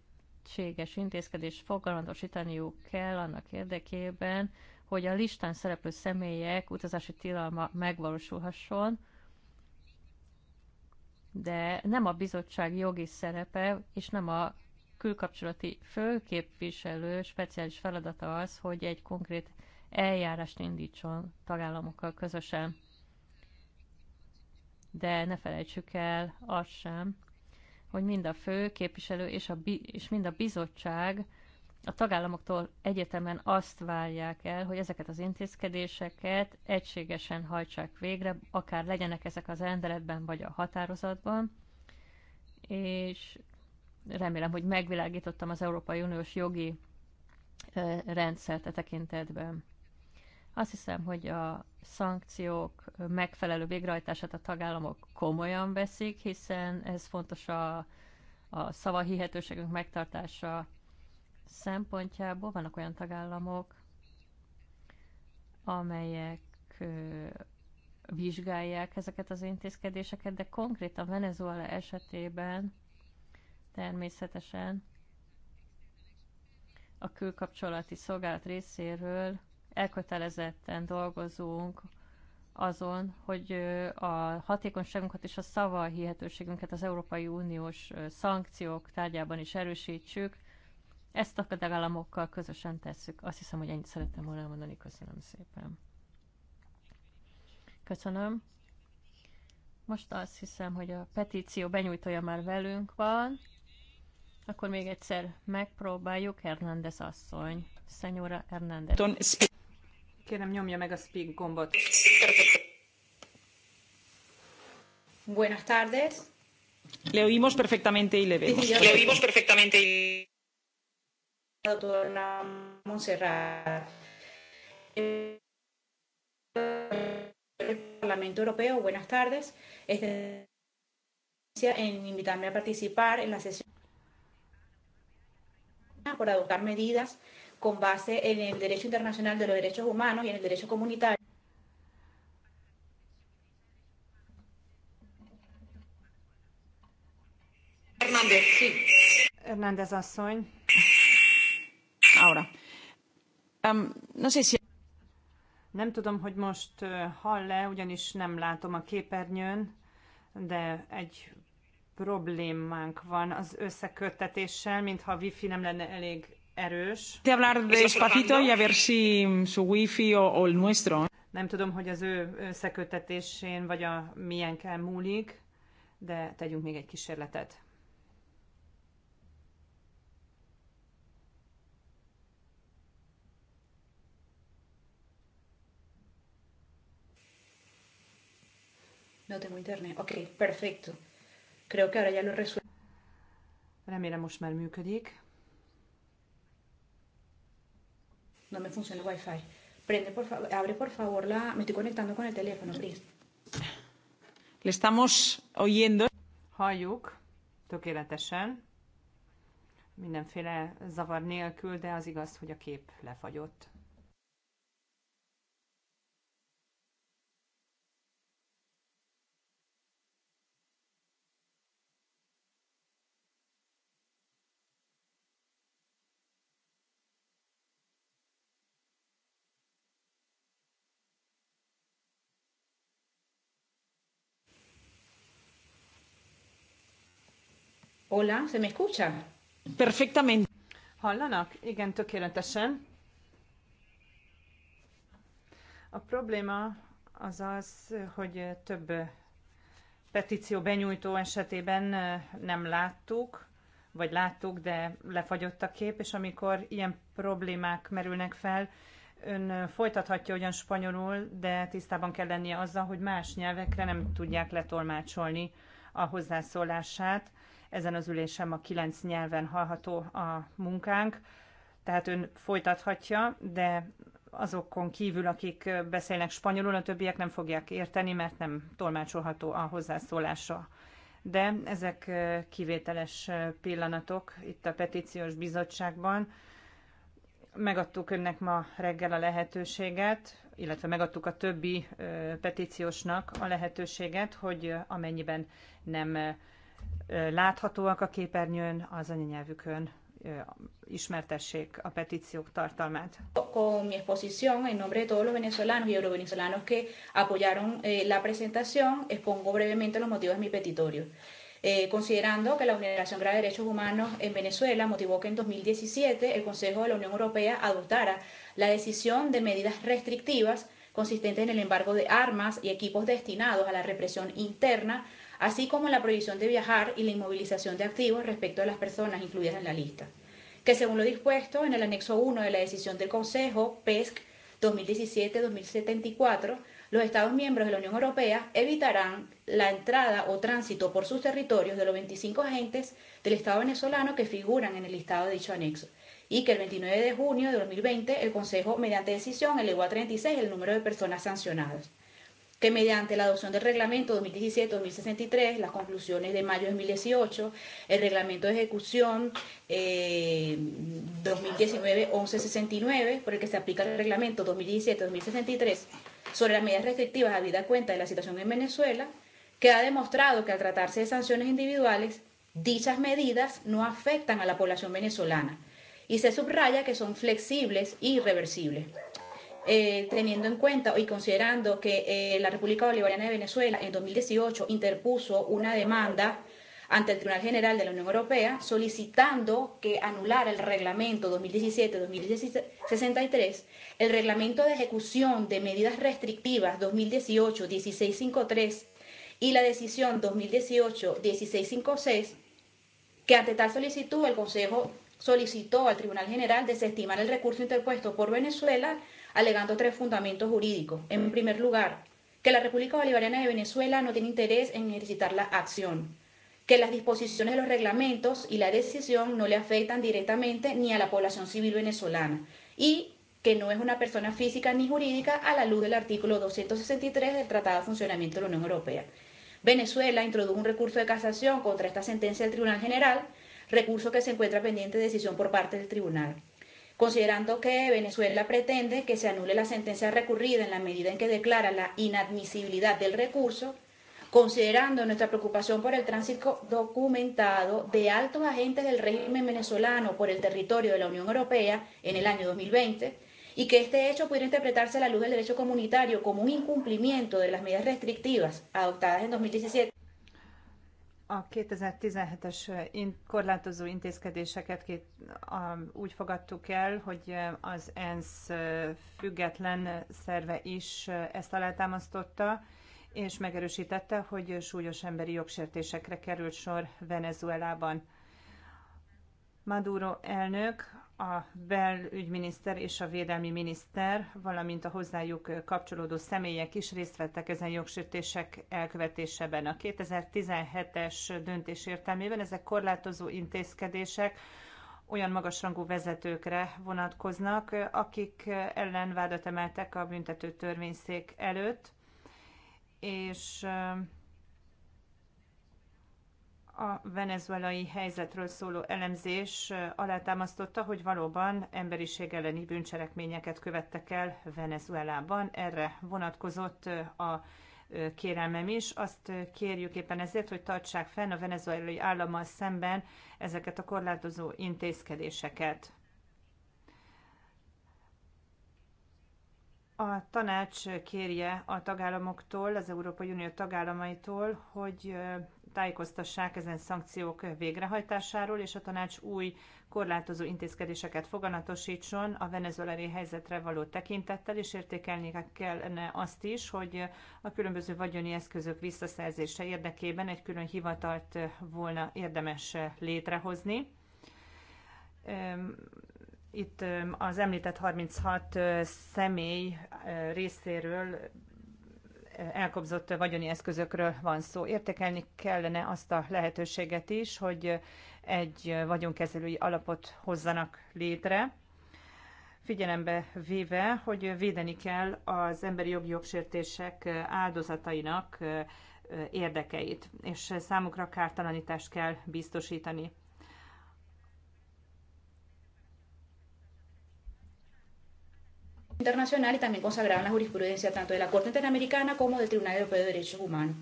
S3: egységes intézkedést fogalmatosítaniuk kell annak érdekében, hogy a listán szereplő személyek utazási tilalma megvalósulhasson, de nem a bizottság jogi szerepe, és nem a külkapcsolati főképviselő speciális feladata az, hogy egy konkrét eljárást indítson tagállamokkal közösen. De ne felejtsük el azt sem, hogy mind a fő képviselő és, a, és mind a bizottság a tagállamoktól egyetemen azt várják el, hogy ezeket az intézkedéseket egységesen hajtsák végre, akár legyenek ezek az rendeletben vagy a határozatban, és remélem, hogy megvilágítottam az Európai Uniós jogi rendszert a e tekintetben. Azt hiszem, hogy a szankciók megfelelő végrehajtását a tagállamok komolyan veszik, hiszen ez fontos a, a hihetőségünk megtartása szempontjából. Vannak olyan tagállamok, amelyek vizsgálják ezeket az intézkedéseket, de konkrétan Venezuela esetében természetesen a külkapcsolati szolgálat részéről elkötelezetten dolgozunk azon, hogy a hatékonyságunkat és a szavahihetőségünket az Európai Uniós szankciók tárgyában is erősítsük. Ezt a tagállamokkal közösen tesszük. Azt hiszem, hogy ennyit szerettem volna mondani. Köszönöm szépen. Köszönöm. Most azt hiszem, hogy a petíció benyújtója már velünk van. Akkor még egyszer megpróbáljuk, Hernández asszony. Senyora Hernández. Kérem, nyomja meg a speak gombot.
S4: Buenas tardes.
S1: Le oímos perfectamente y le vemos. Le oímos
S4: perfectamente y... Doctora Montserrat. Parlamento Europeo, buenas tardes. Este, en invitarme a participar en la sesión por adoptar medidas con base en el derecho internacional de los derechos humanos y en el derecho comunitario.
S2: Hernández, sí. Hernández asszony. Aura. Um, no sé si... Nem tudom, hogy most hall-e, ugyanis nem látom a képernyőn, de egy problémánk van az összeköttetéssel, mintha a wifi nem lenne elég erős. Te hablar despacito
S1: y a ver si mm, su wifi o, o el nuestro.
S2: Nem tudom, hogy az ő összekötetésén vagy a milyen kell múlik, de tegyünk még egy kísérletet.
S4: No tengo internet. Ok, perfecto. Creo que ahora ya lo
S2: resuelvo. Remélem most már működik.
S4: no me funciona el wifi. Prende, por favor, abre por favor la... Me estoy conectando con el teléfono, please.
S2: Le estamos oyendo. Halljuk, tökéletesen. Mindenféle zavar nélkül, de az igaz, hogy a kép lefagyott.
S4: Hola, se me escucha? Perfectamente. Hallanak? Igen,
S2: tökéletesen. A probléma az az, hogy több petíció benyújtó esetében nem láttuk, vagy láttuk, de lefagyott a kép, és amikor ilyen problémák merülnek fel, ön folytathatja ugyan spanyolul, de tisztában kell lennie azzal, hogy más nyelvekre nem tudják letolmácsolni a hozzászólását ezen az ülésen ma kilenc nyelven hallható a munkánk, tehát ön folytathatja, de azokon kívül, akik beszélnek spanyolul, a többiek nem fogják érteni, mert nem tolmácsolható a hozzászólása. De ezek kivételes pillanatok itt a petíciós bizottságban. Megadtuk önnek ma reggel a lehetőséget, illetve megadtuk a többi petíciósnak a lehetőséget, hogy amennyiben nem láthatóak a képernyőn, az anyanyelvükön ismertessék a petíciók tartalmát.
S4: Con mi exposición, en nombre de todos los venezolanos y eurovenezolanos que apoyaron eh, la presentación, expongo brevemente los motivos de mi petitorio. Eh, considerando que la vulneración grave de derechos humanos en Venezuela motivó que en 2017 el Consejo de la Unión Europea adoptara la decisión de medidas restrictivas consistentes en el embargo de armas y equipos destinados a la represión interna así como la prohibición de viajar y la inmovilización de activos respecto de las personas incluidas en la lista, que según lo dispuesto en el anexo 1 de la decisión del Consejo PESC 2017-2074, los Estados miembros de la Unión Europea evitarán la entrada o tránsito por sus territorios de los 25 agentes del Estado venezolano que figuran en el listado de dicho anexo, y que el 29 de junio de 2020 el Consejo, mediante decisión, elevó a 36 el número de personas sancionadas que mediante la adopción del reglamento 2017-2063, las conclusiones de mayo de 2018, el reglamento de ejecución eh, 2019-1169, por el que se aplica el reglamento 2017-2063 sobre las medidas restrictivas a vida cuenta de la situación en Venezuela, que ha demostrado que al tratarse de sanciones individuales, dichas medidas no afectan a la población venezolana y se subraya que son flexibles y reversibles eh, teniendo en cuenta y considerando que eh, la República Bolivariana de Venezuela en 2018 interpuso una demanda ante el Tribunal General de la Unión Europea solicitando que anulara el reglamento 2017-2063, el reglamento de ejecución de medidas restrictivas 2018-1653 y la decisión 2018-1656, que ante tal solicitud el Consejo solicitó al Tribunal General desestimar el recurso interpuesto por Venezuela alegando tres fundamentos jurídicos. En primer lugar, que la República Bolivariana de Venezuela no tiene interés en ejercitar la acción, que las disposiciones de los reglamentos y la decisión no le afectan directamente ni a la población civil venezolana y que no es una persona física ni jurídica a la luz del artículo 263 del Tratado de Funcionamiento de la Unión Europea. Venezuela introdujo un recurso de casación contra esta sentencia del Tribunal General, recurso que se encuentra pendiente de decisión por parte del Tribunal considerando que Venezuela pretende que se anule la sentencia recurrida en la medida en que declara la inadmisibilidad del recurso, considerando nuestra preocupación por el tránsito documentado de altos agentes del régimen venezolano por el territorio de la Unión Europea en el año 2020, y que este hecho pudiera interpretarse a la luz del derecho comunitario como un incumplimiento de las medidas restrictivas adoptadas en 2017. A
S2: 2017-es korlátozó intézkedéseket két, a, úgy fogadtuk el, hogy az ENSZ független szerve is ezt alátámasztotta, és megerősítette, hogy súlyos emberi jogsértésekre került sor Venezuelában. Maduro elnök a belügyminiszter és a védelmi miniszter, valamint a hozzájuk kapcsolódó személyek is részt vettek ezen jogsértések elkövetéseben. A 2017-es döntés értelmében ezek korlátozó intézkedések olyan magasrangú vezetőkre vonatkoznak, akik ellen vádat emeltek a büntető törvényszék előtt, és a venezuelai helyzetről szóló elemzés alátámasztotta, hogy valóban emberiség elleni bűncselekményeket követtek el Venezuelában. Erre vonatkozott a kérelmem is. Azt kérjük éppen ezért, hogy tartsák fenn a venezuelai állammal szemben ezeket a korlátozó intézkedéseket. A tanács kérje a tagállamoktól, az Európai Unió tagállamaitól, hogy tájékoztassák ezen szankciók végrehajtásáról, és a tanács új korlátozó intézkedéseket foganatosítson a venezuelai helyzetre való tekintettel, és értékelni kellene azt is, hogy a különböző vagyoni eszközök visszaszerzése érdekében egy külön hivatalt volna érdemes létrehozni. Itt az említett 36 személy részéről elkobzott vagyoni eszközökről van szó. Értékelni kellene azt a lehetőséget is, hogy egy vagyonkezelői alapot hozzanak létre, figyelembe véve, hogy védeni kell az emberi jogi jogsértések áldozatainak érdekeit, és számukra kártalanítást kell biztosítani.
S4: internacional y también consagrado en la jurisprudencia tanto de la Corte Interamericana como del Tribunal Europeo de Derechos Humanos.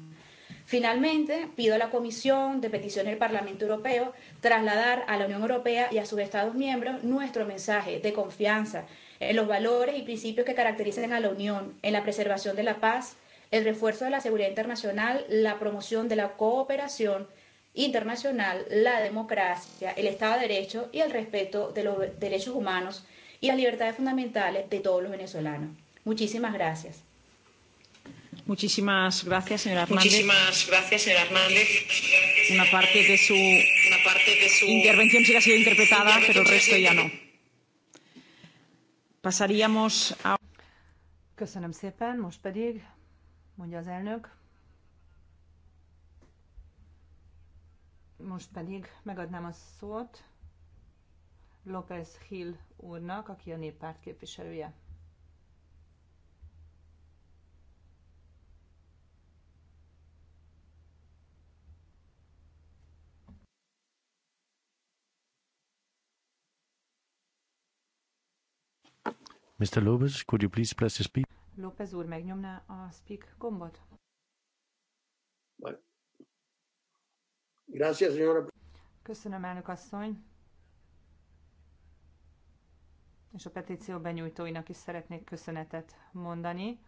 S4: Finalmente, pido a la Comisión de Peticiones del Parlamento Europeo trasladar a la Unión Europea y a sus Estados miembros nuestro mensaje de confianza en los valores y principios que caracterizan a la Unión, en la preservación de la paz, el refuerzo de la seguridad internacional, la promoción de la cooperación internacional, la democracia, el Estado de Derecho y el respeto de los derechos humanos y las libertades fundamentales de todos los venezolanos. Muchísimas gracias.
S1: Muchísimas gracias, señora Hernández. Muchísimas gracias, señora Hernández. Una parte de
S2: su, Una
S1: parte de su intervención sí que
S2: ha sido interpretada, pero el resto ya no. Pasaríamos a... Köszönöm szépen, most pedig, mondja az elnök, most pedig megadnám a szót López Hill úrnak, aki a néppárt képviselője.
S4: Mr. López, could you please press the speak?
S2: López úr megnyomná a speak gombot.
S4: Gracias, señora.
S2: Köszönöm, elnök asszony és a petíció benyújtóinak is szeretnék köszönetet mondani.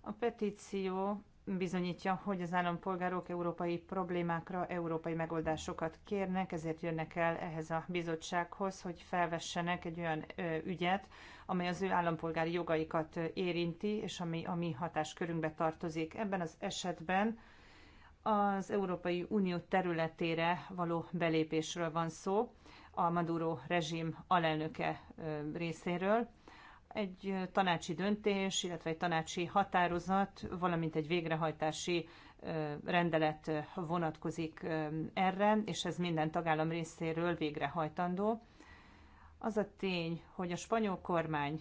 S2: A petíció bizonyítja, hogy az állampolgárok európai problémákra európai megoldásokat kérnek, ezért jönnek el ehhez a bizottsághoz, hogy felvessenek egy olyan ügyet, amely az ő állampolgári jogaikat érinti, és ami a mi hatáskörünkbe tartozik. Ebben az esetben az Európai Unió területére való belépésről van szó a Maduro rezsim alelnöke részéről. Egy tanácsi döntés, illetve egy tanácsi határozat, valamint egy végrehajtási rendelet vonatkozik erre, és ez minden tagállam részéről végrehajtandó. Az a tény, hogy a spanyol kormány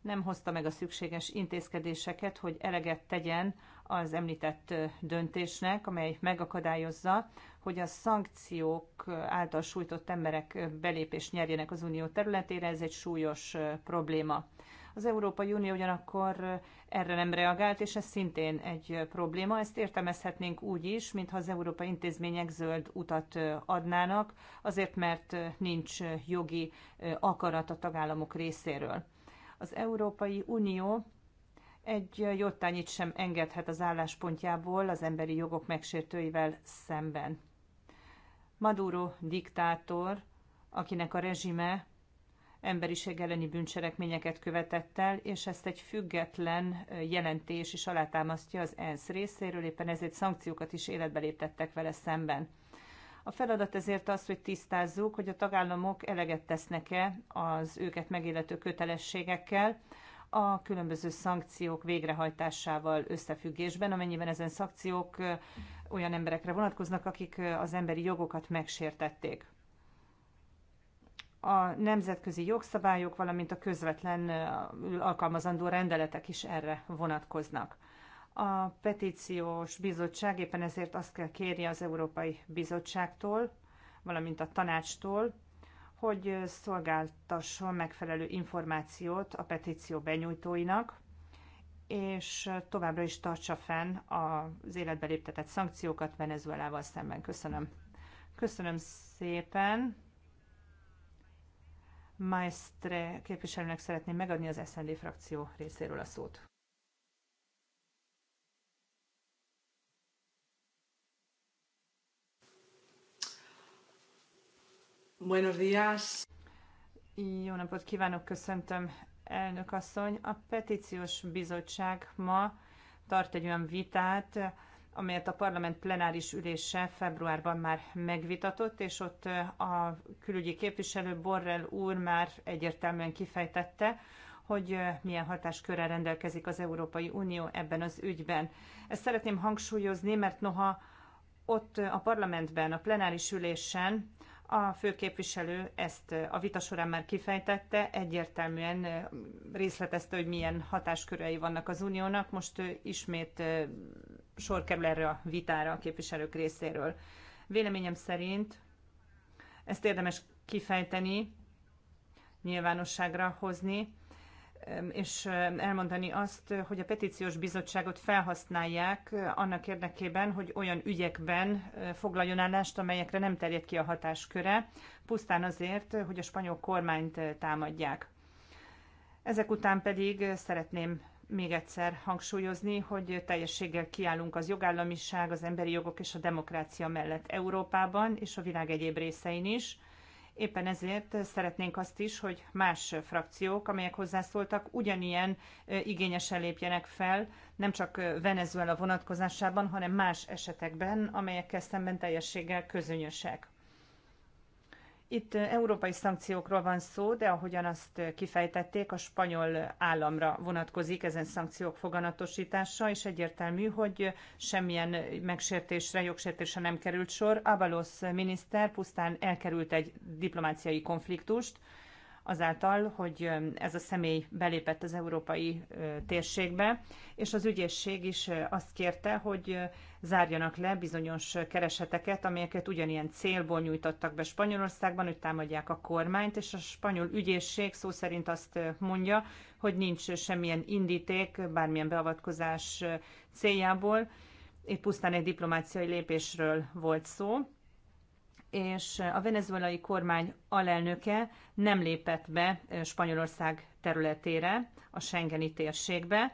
S2: nem hozta meg a szükséges intézkedéseket, hogy eleget tegyen az említett döntésnek, amely megakadályozza, hogy a szankciók által sújtott emberek belépést nyerjenek az unió területére, ez egy súlyos probléma. Az Európai Unió ugyanakkor erre nem reagált, és ez szintén egy probléma. Ezt értelmezhetnénk úgy is, mintha az európai intézmények zöld utat adnának, azért mert nincs jogi akarat a tagállamok részéről. Az Európai Unió egy jottányit sem engedhet az álláspontjából az emberi jogok megsértőivel szemben. Maduro diktátor, akinek a rezsime emberiség elleni bűncselekményeket követett el, és ezt egy független jelentés is alátámasztja az ENSZ részéről, éppen ezért szankciókat is életbe léptettek vele szemben. A feladat ezért az, hogy tisztázzuk, hogy a tagállamok eleget tesznek-e az őket megillető kötelességekkel, a különböző szankciók végrehajtásával összefüggésben, amennyiben ezen szankciók olyan emberekre vonatkoznak, akik az emberi jogokat megsértették. A nemzetközi jogszabályok, valamint a közvetlen alkalmazandó rendeletek is erre vonatkoznak. A petíciós bizottság éppen ezért azt kell kérni az Európai Bizottságtól, valamint a tanácstól, hogy szolgáltasson megfelelő információt a petíció benyújtóinak, és továbbra is tartsa fenn az életbe léptetett szankciókat Venezuelával szemben. Köszönöm. Köszönöm szépen. Maestre képviselőnek szeretném megadni az SND frakció részéről a szót. Buenos días. Jó napot kívánok, köszöntöm elnök asszony. A petíciós bizottság ma tart egy olyan vitát, amelyet a parlament plenáris ülése februárban már megvitatott, és ott a külügyi képviselő Borrell úr már egyértelműen kifejtette, hogy milyen hatáskörrel rendelkezik az Európai Unió ebben az ügyben. Ezt szeretném hangsúlyozni, mert noha ott a parlamentben, a plenáris ülésen a főképviselő ezt a vita során már kifejtette, egyértelműen részletezte, hogy milyen hatáskörei vannak az uniónak. Most ismét sor kerül erre a vitára a képviselők részéről. Véleményem szerint ezt érdemes kifejteni, nyilvánosságra hozni, és elmondani azt, hogy a petíciós bizottságot felhasználják annak érdekében, hogy olyan ügyekben foglaljon állást, amelyekre nem terjed ki a hatásköre, pusztán azért, hogy a spanyol kormányt támadják. Ezek után pedig szeretném még egyszer hangsúlyozni, hogy teljességgel kiállunk az jogállamiság, az emberi jogok és a demokrácia mellett Európában és a világ egyéb részein is Éppen ezért szeretnénk azt is, hogy más frakciók, amelyek hozzászóltak, ugyanilyen igényesen lépjenek fel, nem csak Venezuela vonatkozásában, hanem más esetekben, amelyekkel szemben teljességgel közönösek. Itt európai szankciókról van szó, de ahogyan azt kifejtették, a spanyol államra vonatkozik ezen szankciók foganatosítása, és egyértelmű, hogy semmilyen megsértésre, jogsértésre nem került sor. Avalos miniszter pusztán elkerült egy diplomáciai konfliktust, azáltal, hogy ez a személy belépett az európai térségbe, és az ügyészség is azt kérte, hogy zárjanak le bizonyos kereseteket, amelyeket ugyanilyen célból nyújtottak be Spanyolországban, hogy támadják a kormányt, és a spanyol ügyészség szó szerint azt mondja, hogy nincs semmilyen indíték bármilyen beavatkozás céljából. Itt pusztán egy diplomáciai lépésről volt szó és a venezuelai kormány alelnöke nem lépett be Spanyolország területére, a Schengeni térségbe,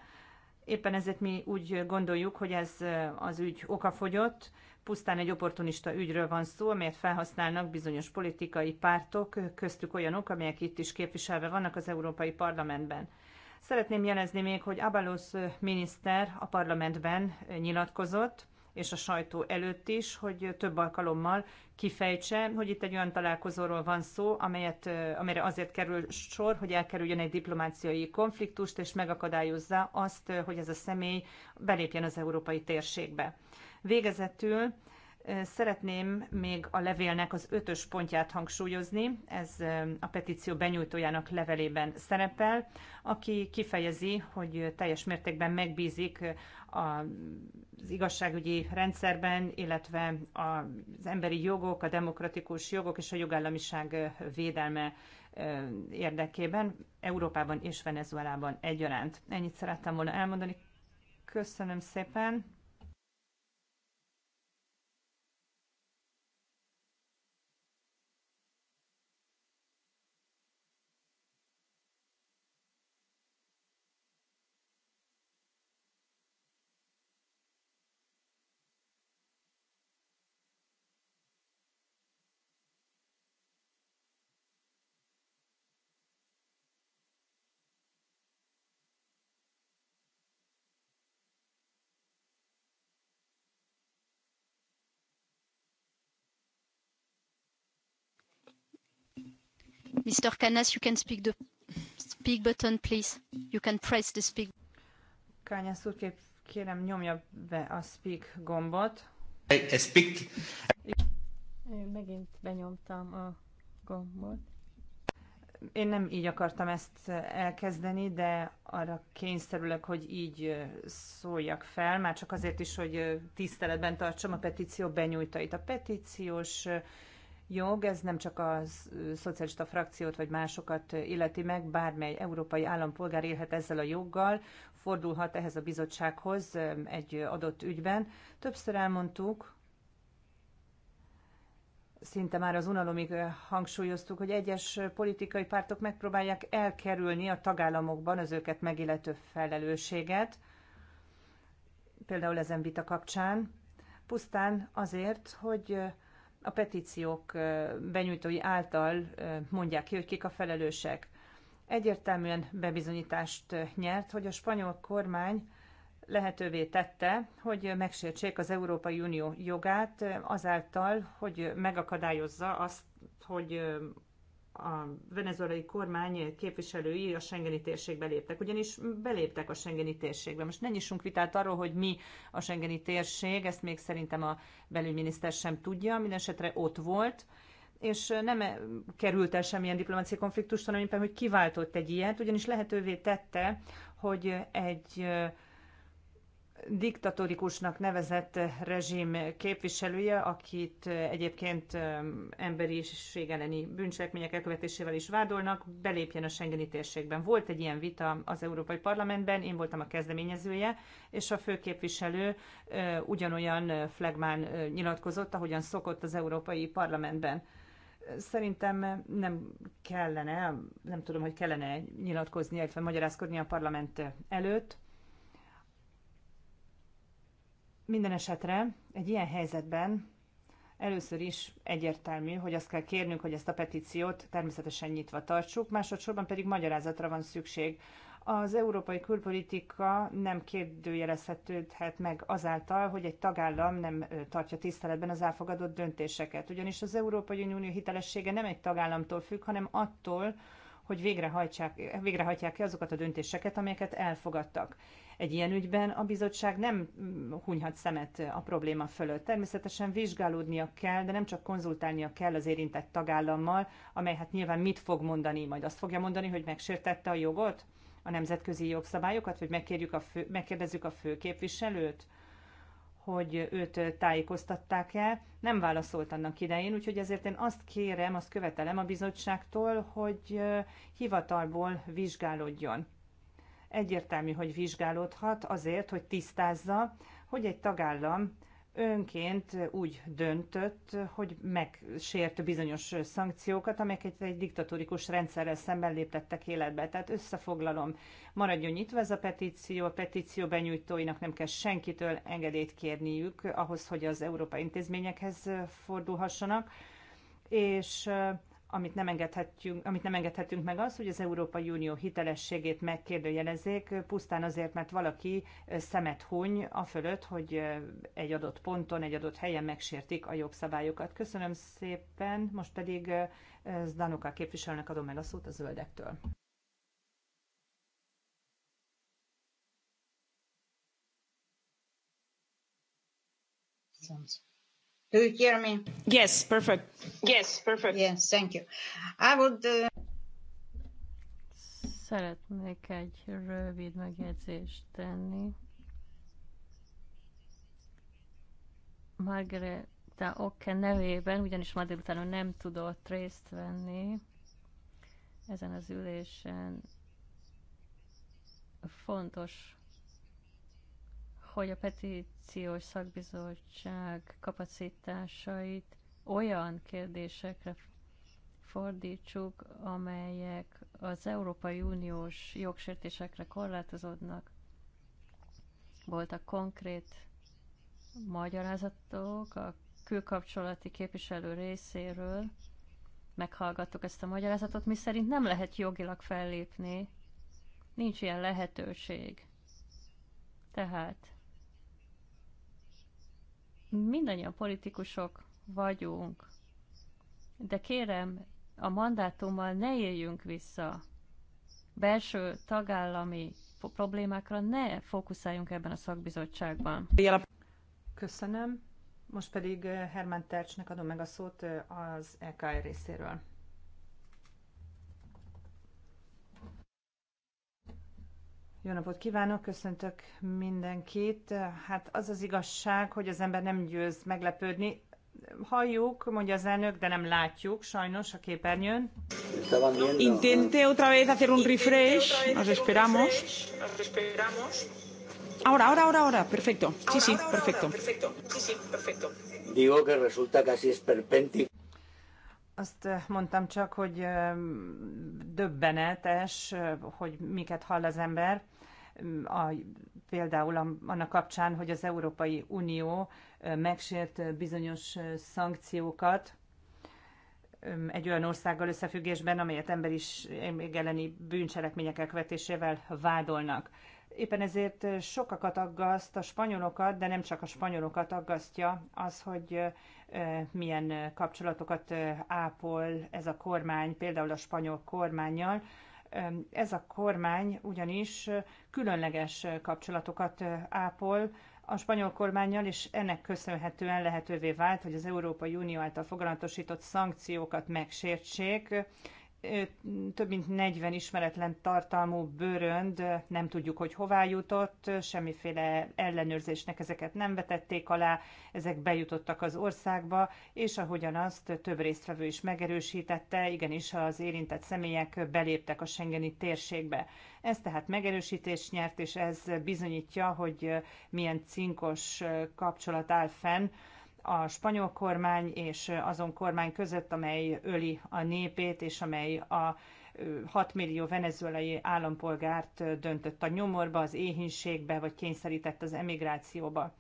S2: Éppen ezért mi úgy gondoljuk, hogy ez az ügy okafogyott, pusztán egy opportunista ügyről van szó, amelyet felhasználnak bizonyos politikai pártok, köztük olyanok, amelyek itt is képviselve vannak az Európai Parlamentben. Szeretném jelezni még, hogy Abalos miniszter a parlamentben nyilatkozott, és a sajtó előtt is, hogy több alkalommal kifejtse, hogy itt egy olyan találkozóról van szó, amelyet, amelyre azért kerül sor, hogy elkerüljön egy diplomáciai konfliktust, és megakadályozza azt, hogy ez a személy belépjen az európai térségbe. Végezetül Szeretném még a levélnek az ötös pontját hangsúlyozni, ez a petíció benyújtójának levelében szerepel, aki kifejezi, hogy teljes mértékben megbízik az igazságügyi rendszerben, illetve az emberi jogok, a demokratikus jogok és a jogállamiság védelme érdekében, Európában és Venezuelában egyaránt. Ennyit szerettem volna elmondani. Köszönöm szépen!
S4: Mr. Canas, you can speak the speak button, please. You can press the speak. Kányász úr,
S2: kérem nyomja be a speak gombot. I, I
S4: speak.
S3: Megint benyomtam a gombot.
S2: Én nem így akartam ezt elkezdeni, de arra kényszerülök, hogy így szóljak fel, már csak azért is, hogy tiszteletben tartsam a petíció benyújtait. A petíciós jog, ez nem csak a szocialista frakciót vagy másokat illeti meg, bármely európai állampolgár élhet ezzel a joggal, fordulhat ehhez a bizottsághoz egy adott ügyben. Többször elmondtuk, szinte már az unalomig hangsúlyoztuk, hogy egyes politikai pártok megpróbálják elkerülni a tagállamokban az őket megillető felelősséget, például ezen vita kapcsán, pusztán azért, hogy a petíciók benyújtói által mondják ki, hogy kik a felelősek. Egyértelműen bebizonyítást nyert, hogy a spanyol kormány lehetővé tette, hogy megsértsék az Európai Unió jogát azáltal, hogy megakadályozza azt, hogy a venezuelai kormány képviselői a Schengeni térségbe léptek, ugyanis beléptek a Schengeni térségbe. Most ne nyissunk vitát arról, hogy mi a Schengeni térség, ezt még szerintem a belügyminiszter sem tudja, mindesetre ott volt, és nem került el semmilyen diplomáciai konfliktust, hanem éppen, hogy kiváltott egy ilyet, ugyanis lehetővé tette, hogy egy diktatórikusnak nevezett rezsim képviselője, akit eh, egyébként eh, emberiség elleni bűncselekmények elkövetésével is vádolnak, belépjen a Schengeni térségben. Volt egy ilyen vita az Európai Parlamentben, én voltam a kezdeményezője, és a főképviselő eh, ugyanolyan flagmán nyilatkozott, ahogyan szokott az Európai Parlamentben szerintem nem kellene, nem tudom, hogy kellene nyilatkozni, illetve magyarázkodni a parlament előtt. Minden esetre egy ilyen helyzetben először is egyértelmű, hogy azt kell kérnünk, hogy ezt a petíciót természetesen nyitva tartsuk, másodszorban pedig magyarázatra van szükség. Az európai külpolitika nem kérdőjelezhetődhet meg azáltal, hogy egy tagállam nem tartja tiszteletben az elfogadott döntéseket. Ugyanis az Európai Unió hitelessége nem egy tagállamtól függ, hanem attól, hogy végrehajtják, végrehajtják ki azokat a döntéseket, amelyeket elfogadtak. Egy ilyen ügyben a bizottság nem mm, hunyhat szemet a probléma fölött. Természetesen vizsgálódnia kell, de nem csak konzultálnia kell az érintett tagállammal, amely hát nyilván mit fog mondani, majd azt fogja mondani, hogy megsértette a jogot, a nemzetközi jogszabályokat, vagy megkérjük a fő, megkérdezzük a főképviselőt, hogy őt tájékoztatták-e, nem válaszolt annak idején, úgyhogy ezért én azt kérem, azt követelem a bizottságtól, hogy hivatalból vizsgálódjon. Egyértelmű, hogy vizsgálódhat azért, hogy tisztázza, hogy egy tagállam önként úgy döntött, hogy megsért bizonyos szankciókat, amelyeket egy diktatórikus rendszerrel szemben léptettek életbe. Tehát összefoglalom, maradjon nyitva ez a petíció, a petíció benyújtóinak nem kell senkitől engedélyt kérniük ahhoz, hogy az európai intézményekhez fordulhassanak, és amit nem engedhetünk, amit nem engedhetünk meg az, hogy az Európai Unió hitelességét megkérdőjelezzék, pusztán azért, mert valaki szemet huny a fölött, hogy egy adott ponton, egy adott helyen megsértik a jogszabályokat. Köszönöm szépen, most pedig Zdanuka képviselőnek adom meg a szót a zöldektől.
S4: Köszönöm. Do you hear me? Yes, perfect. Yes, perfect. Yes, thank you. I would... Uh...
S3: Szeretnék egy rövid megjegyzést tenni. Margareta Oke nevében, ugyanis ma délután nem tudott részt venni ezen az ülésen. Fontos hogy a petíciós szakbizottság kapacitásait olyan kérdésekre fordítsuk, amelyek az Európai Uniós jogsértésekre korlátozódnak. Voltak konkrét magyarázatok a külkapcsolati képviselő részéről, meghallgattuk ezt a magyarázatot, mi szerint nem lehet jogilag fellépni, nincs ilyen lehetőség. Tehát mindannyian politikusok vagyunk, de kérem, a mandátummal ne éljünk vissza. Belső tagállami problémákra ne fókuszáljunk ebben a szakbizottságban. Köszönöm. Most pedig eh, Herman Tercsnek adom meg a
S2: szót eh, az EKR e részéről. Jó napot kívánok, köszöntök mindenkit. Hát az az igazság, hogy az ember nem győz meglepődni. Halljuk, mondja az elnök, de nem látjuk sajnos a képernyőn.
S1: Intente otra vez hacer un refresh. Nos esperamos. Ahora, ahora, ahora, ahora.
S2: Perfecto. Sí, sí,
S4: perfecto. Digo que resulta casi esperpéntico.
S2: Azt eh, mondtam csak, hogy eh, döbbenetes, eh, hogy miket hall az ember a, például annak kapcsán, hogy az Európai Unió megsért bizonyos szankciókat egy olyan országgal összefüggésben, amelyet emberi elleni bűncselekmények elkövetésével vádolnak. Éppen ezért sokakat aggaszt a spanyolokat, de nem csak a spanyolokat aggasztja az, hogy milyen kapcsolatokat ápol ez a kormány, például a spanyol kormányjal, ez a kormány ugyanis különleges kapcsolatokat ápol a spanyol kormányjal, és ennek köszönhetően lehetővé vált, hogy az Európai Unió által foglalatosított szankciókat megsértsék, több mint 40 ismeretlen tartalmú bőrönd, nem tudjuk, hogy hová jutott, semmiféle ellenőrzésnek ezeket nem vetették alá, ezek bejutottak az országba, és ahogyan azt több résztvevő is megerősítette, igenis az érintett személyek beléptek a Schengeni térségbe. Ez tehát megerősítés nyert, és ez bizonyítja, hogy milyen cinkos kapcsolat áll fenn a spanyol kormány és azon kormány között, amely öli a népét, és amely a 6 millió venezuelai állampolgárt döntött a nyomorba, az éhínségbe, vagy kényszerített az emigrációba.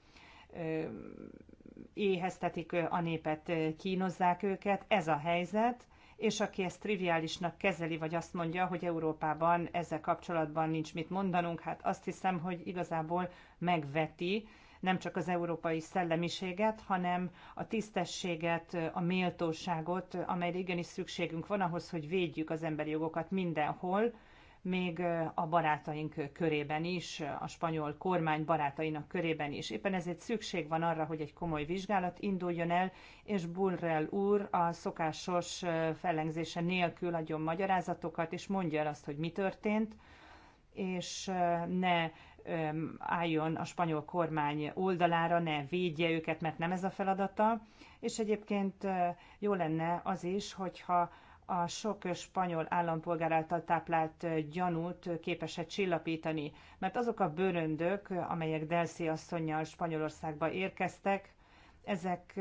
S2: Éheztetik a népet, kínozzák őket, ez a helyzet, és aki ezt triviálisnak kezeli, vagy azt mondja, hogy Európában ezzel kapcsolatban nincs mit mondanunk, hát azt hiszem, hogy igazából megveti nem csak az európai szellemiséget, hanem a tisztességet, a méltóságot, amelyre igenis szükségünk van ahhoz, hogy védjük az emberi jogokat mindenhol, még a barátaink körében is, a spanyol kormány barátainak körében is. Éppen ezért szükség van arra, hogy egy komoly vizsgálat induljon el, és Burrell úr a szokásos fellengzése nélkül adjon magyarázatokat, és mondja el azt, hogy mi történt, és ne álljon a spanyol kormány oldalára, ne védje őket, mert nem ez a feladata. És egyébként eh, jó lenne az is, hogyha a sok spanyol állampolgár által táplált eh, gyanút eh, képesek csillapítani, mert azok a bőröndök, amelyek Delsi asszonynal Spanyolországba érkeztek, ezek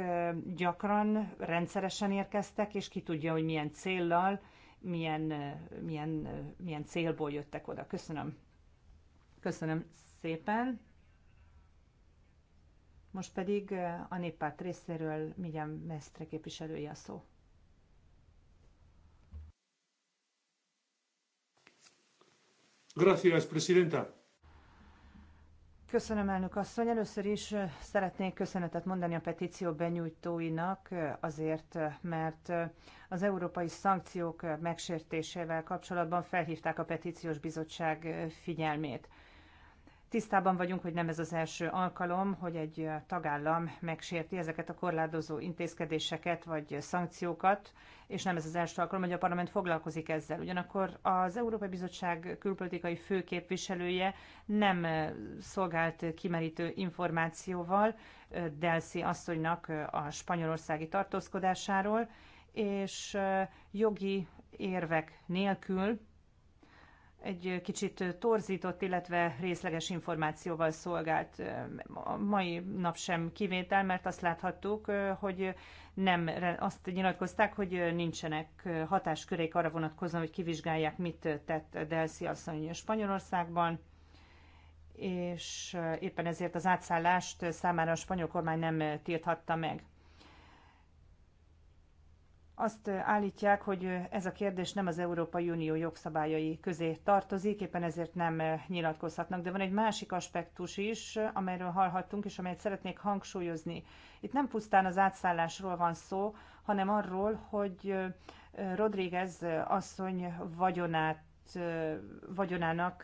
S2: gyakran, rendszeresen érkeztek, és ki tudja, hogy milyen céllal, milyen, milyen, milyen célból jöttek oda. Köszönöm. Köszönöm szépen. Most pedig eh, a néppárt részéről Migyen Mestre képviselője a szó.
S4: Gracias, Presidenta.
S2: Köszönöm, elnök asszony. Először is eh, szeretnék köszönetet mondani a petíció benyújtóinak eh, azért, mert az európai szankciók megsértésével kapcsolatban felhívták a petíciós bizottság figyelmét. Tisztában vagyunk, hogy nem ez az első alkalom, hogy egy tagállam megsérti ezeket a korlátozó intézkedéseket vagy szankciókat, és nem ez az első alkalom, hogy a parlament foglalkozik ezzel. Ugyanakkor az Európai Bizottság külpolitikai főképviselője nem szolgált kimerítő információval Delsi asszonynak a spanyolországi tartózkodásáról, és jogi érvek nélkül egy kicsit torzított, illetve részleges információval szolgált. A mai nap sem kivétel, mert azt láthattuk, hogy nem, azt nyilatkozták, hogy nincsenek hatáskörék arra vonatkozóan, hogy kivizsgálják, mit tett Delsi asszony Spanyolországban, és éppen ezért az átszállást számára a spanyol kormány nem tilthatta meg. Azt állítják, hogy ez a kérdés nem az Európai Unió jogszabályai közé tartozik, éppen ezért nem nyilatkozhatnak. De van egy másik aspektus is, amelyről hallhattunk, és amelyet szeretnék hangsúlyozni. Itt nem pusztán az átszállásról van szó, hanem arról, hogy Rodríguez asszony vagyonát, vagyonának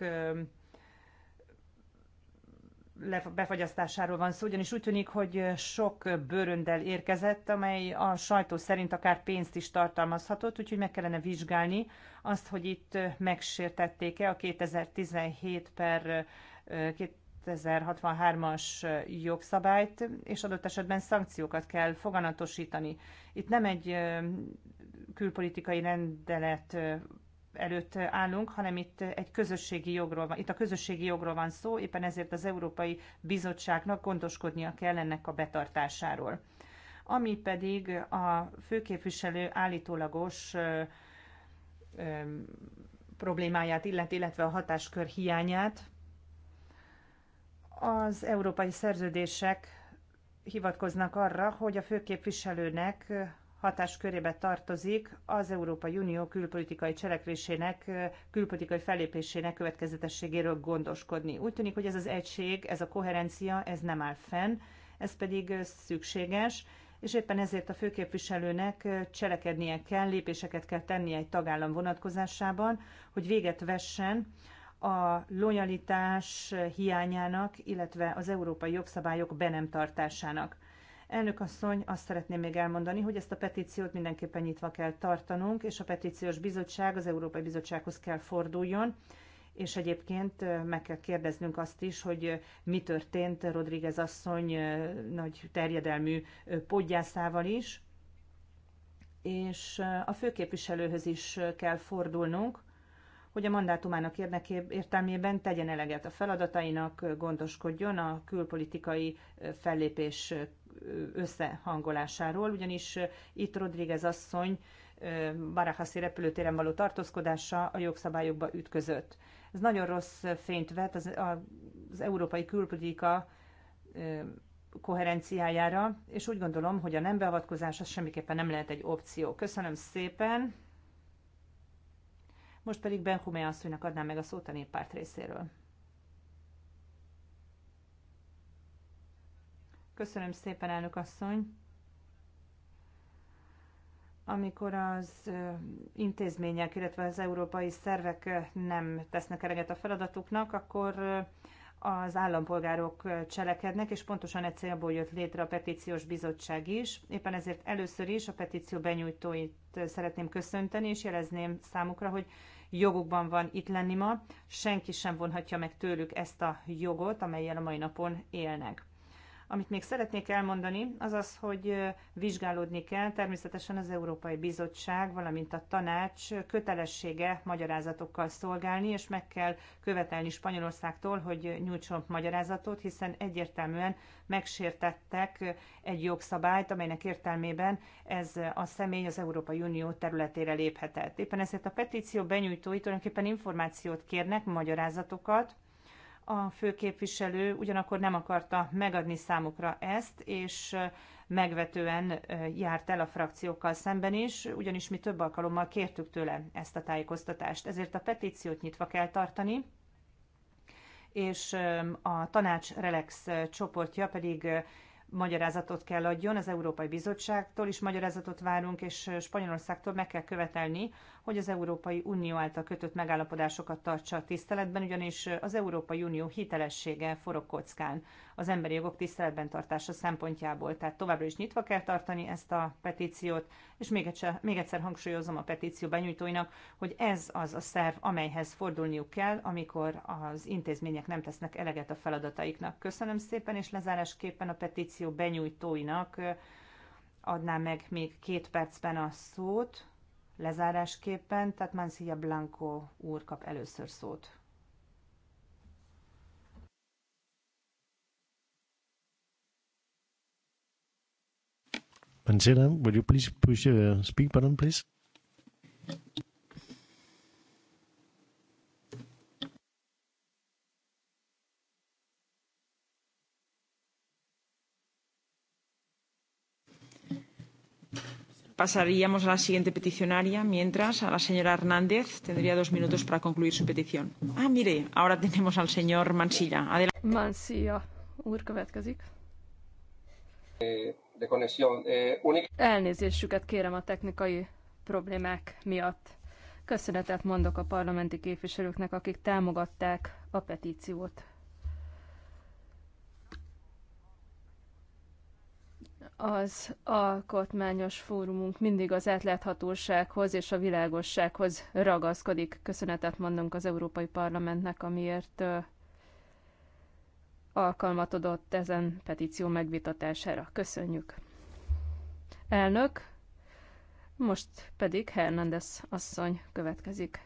S2: befagyasztásáról van szó, ugyanis úgy tűnik, hogy sok bőröndel érkezett, amely a sajtó szerint akár pénzt is tartalmazhatott, úgyhogy meg kellene vizsgálni azt, hogy itt megsértették-e a 2017 per 2063-as jogszabályt, és adott esetben szankciókat kell foganatosítani. Itt nem egy külpolitikai rendelet előtt állunk, hanem itt egy közösségi jogról van, itt a közösségi jogról van szó, éppen ezért az Európai Bizottságnak gondoskodnia kell ennek a betartásáról. Ami pedig a főképviselő állítólagos ö, ö, problémáját illet, illetve a hatáskör hiányát, az európai szerződések hivatkoznak arra, hogy a főképviselőnek hatáskörébe tartozik az Európai Unió külpolitikai cselekvésének, külpolitikai felépésének következetességéről gondoskodni. Úgy tűnik, hogy ez az egység, ez a koherencia, ez nem áll fenn, ez pedig szükséges, és éppen ezért a főképviselőnek cselekednie kell, lépéseket kell tennie egy tagállam vonatkozásában, hogy véget vessen a lojalitás hiányának, illetve az európai jogszabályok be nem tartásának. Elnök asszony, azt szeretném még elmondani, hogy ezt a petíciót mindenképpen nyitva kell tartanunk, és a petíciós bizottság az Európai Bizottsághoz kell forduljon, és egyébként meg kell kérdeznünk azt is, hogy mi történt Rodríguez asszony nagy terjedelmű podgyászával is, és a főképviselőhöz is kell fordulnunk, hogy a mandátumának érdeké, értelmében tegyen eleget a feladatainak, gondoskodjon a külpolitikai fellépés összehangolásáról, ugyanis itt Rodríguez asszony Barajaszi repülőtéren való tartózkodása a jogszabályokba ütközött. Ez nagyon rossz fényt vet az, az európai külpolitika koherenciájára, és úgy gondolom, hogy a nem beavatkozás az semmiképpen nem lehet egy opció. Köszönöm szépen! Most pedig Benhumé asszonynak adnám meg a szót a néppárt részéről. Köszönöm szépen, elnök asszony! amikor az intézmények, illetve az európai szervek nem tesznek eleget a feladatuknak, akkor az állampolgárok cselekednek, és pontosan egy célból jött létre a petíciós bizottság is. Éppen ezért először is a petíció benyújtóit szeretném köszönteni, és jelezném számukra, hogy jogukban van itt lenni ma, senki sem vonhatja meg tőlük ezt a jogot, amelyel a mai napon élnek. Amit még szeretnék elmondani, az az, hogy vizsgálódni kell természetesen az Európai Bizottság, valamint a tanács kötelessége magyarázatokkal szolgálni, és meg kell követelni Spanyolországtól, hogy nyújtson magyarázatot, hiszen egyértelműen megsértettek egy jogszabályt, amelynek értelmében ez a személy az Európai Unió területére léphetett. Éppen ezért a petíció benyújtói tulajdonképpen információt kérnek, magyarázatokat, a főképviselő ugyanakkor nem akarta megadni számukra ezt, és megvetően járt el a frakciókkal szemben is, ugyanis mi több alkalommal kértük tőle ezt a tájékoztatást. Ezért a petíciót nyitva kell tartani, és a tanács Relax csoportja pedig magyarázatot kell adjon az Európai Bizottságtól, is magyarázatot várunk, és Spanyolországtól meg kell követelni hogy az Európai Unió által kötött megállapodásokat tartsa a tiszteletben, ugyanis az Európai Unió hitelessége forog kockán az emberi jogok tiszteletben tartása szempontjából. Tehát továbbra is nyitva kell tartani ezt a petíciót, és még egyszer, még egyszer hangsúlyozom a petíció benyújtóinak, hogy ez az a szerv, amelyhez fordulniuk kell, amikor az intézmények nem tesznek eleget a feladataiknak. Köszönöm szépen, és lezárásképpen a petíció benyújtóinak adnám meg még két percben a szót lezárásképpen, tehát Mancilla Blanco úr kap először szót.
S4: Mancilla, would you please push, uh, speak button, please?
S1: Pasaríamos a la siguiente peticionaria. Mientras, a la señora Hernández tendría dos minutos para concluir su petición. Ah, mire, ahora tenemos al señor Mansilla. Adelante.
S5: Mansilla úr következik.
S4: De conexión. Unik...
S5: Eh, Elnézésüket kérem a technikai problémák miatt. Köszönetet mondok a parlamenti képviselőknek, akik támogatták a petíciót. az alkotmányos fórumunk mindig az átláthatósághoz és a világossághoz ragaszkodik. Köszönetet mondunk az Európai Parlamentnek, amiért alkalmat adott ezen petíció megvitatására. Köszönjük. Elnök, most pedig Hernández asszony következik.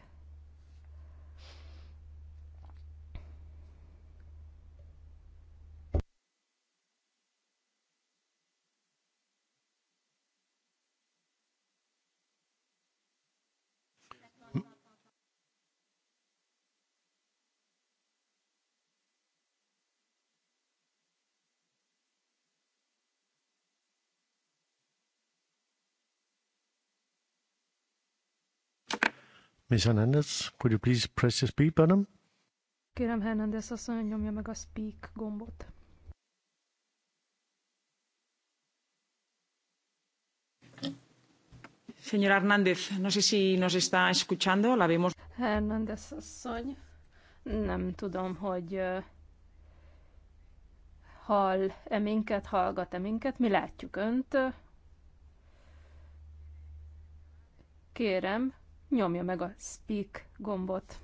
S4: Ms. Hernandez, could you please press the speak button?
S5: Kérem Hernandez asszony, hogy nyomja meg a speak gombot.
S1: Señora Hernández, no sé si nos está escuchando, la vemos.
S5: Hernández asszony, nem tudom, hogy hall-e minket, hallgat-e minket, mi látjuk önt. Kérem, nyomja meg a speak gombot.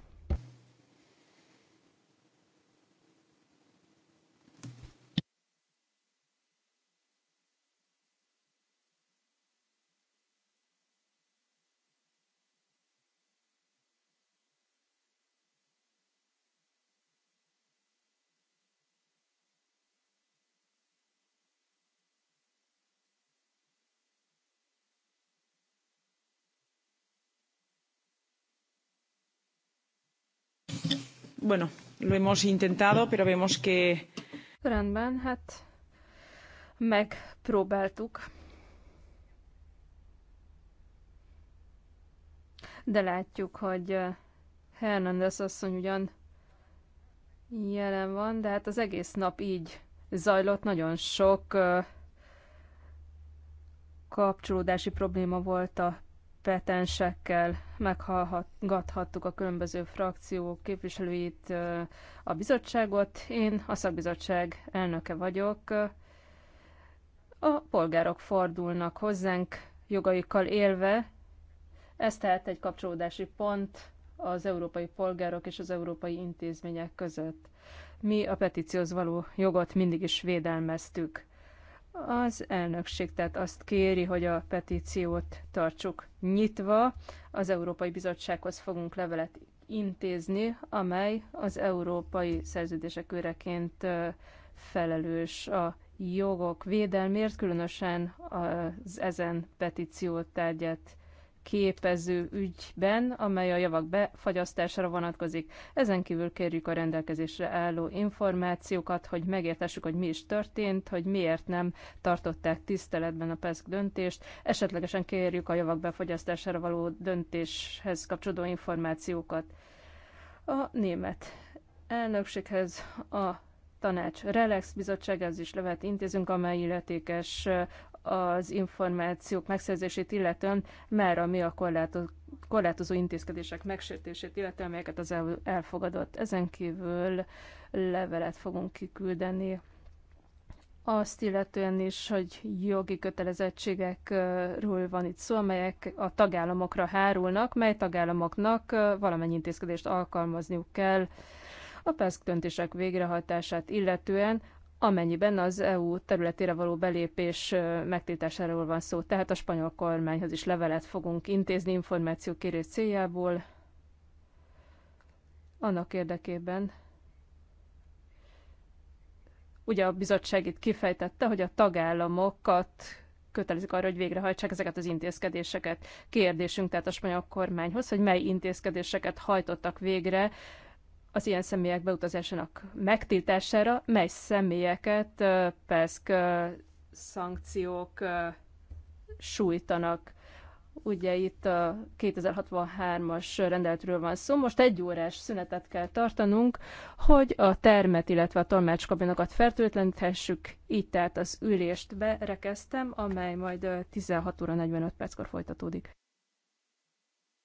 S1: Bueno, lo hemos intentado, pero vemos que...
S5: Rendben, hát megpróbáltuk. De látjuk, hogy eh, Hernández asszony ugyan jelen van, de hát az egész nap így zajlott, nagyon sok eh, kapcsolódási probléma volt a kompetensekkel meghallgathattuk a különböző frakciók képviselőit, a bizottságot. Én a szakbizottság elnöke vagyok. A polgárok fordulnak hozzánk jogaikkal élve. Ez tehát egy kapcsolódási pont az európai polgárok és az európai intézmények között. Mi a petícióz való jogot mindig is védelmeztük. Az elnökség tehát azt kéri, hogy a petíciót tartsuk nyitva. Az Európai Bizottsághoz fogunk levelet intézni, amely az európai szerződések őreként felelős a jogok védelmért, különösen az ezen petíciót tárgyát képező ügyben, amely a javak befagyasztására vonatkozik. Ezen kívül kérjük a rendelkezésre álló információkat, hogy megértessük, hogy mi is történt, hogy miért nem tartották tiszteletben a PESZK döntést. Esetlegesen kérjük a javak befagyasztására való döntéshez kapcsolódó információkat. A német elnökséghez a tanács Relax ez is levet intézünk, amely illetékes az információk megszerzését illetően, már ami a korlátok korlátozó intézkedések megsértését, illetve amelyeket az elfogadott. Ezen kívül levelet fogunk kiküldeni azt illetően is, hogy jogi kötelezettségekről van itt szó, amelyek a tagállamokra hárulnak, mely tagállamoknak valamennyi intézkedést alkalmazniuk kell a PESZK döntések végrehajtását illetően, amennyiben az EU területére való belépés megtiltásáról van szó. Tehát a spanyol kormányhoz is levelet fogunk intézni kérés céljából, annak érdekében, ugye a bizottság itt kifejtette, hogy a tagállamokat kötelezik arra, hogy végrehajtsák ezeket az intézkedéseket. Kérdésünk tehát a spanyol kormányhoz, hogy mely intézkedéseket hajtottak végre az ilyen személyek beutazásának megtiltására, mely személyeket PESZK szankciók sújtanak. Ugye itt a 2063-as rendeletről van szó. Most egy órás szünetet kell tartanunk, hogy a termet, illetve a tolmácskabinokat fertőtleníthessük. Így tehát az ülést berekeztem, amely majd 16 óra 45 perckor folytatódik.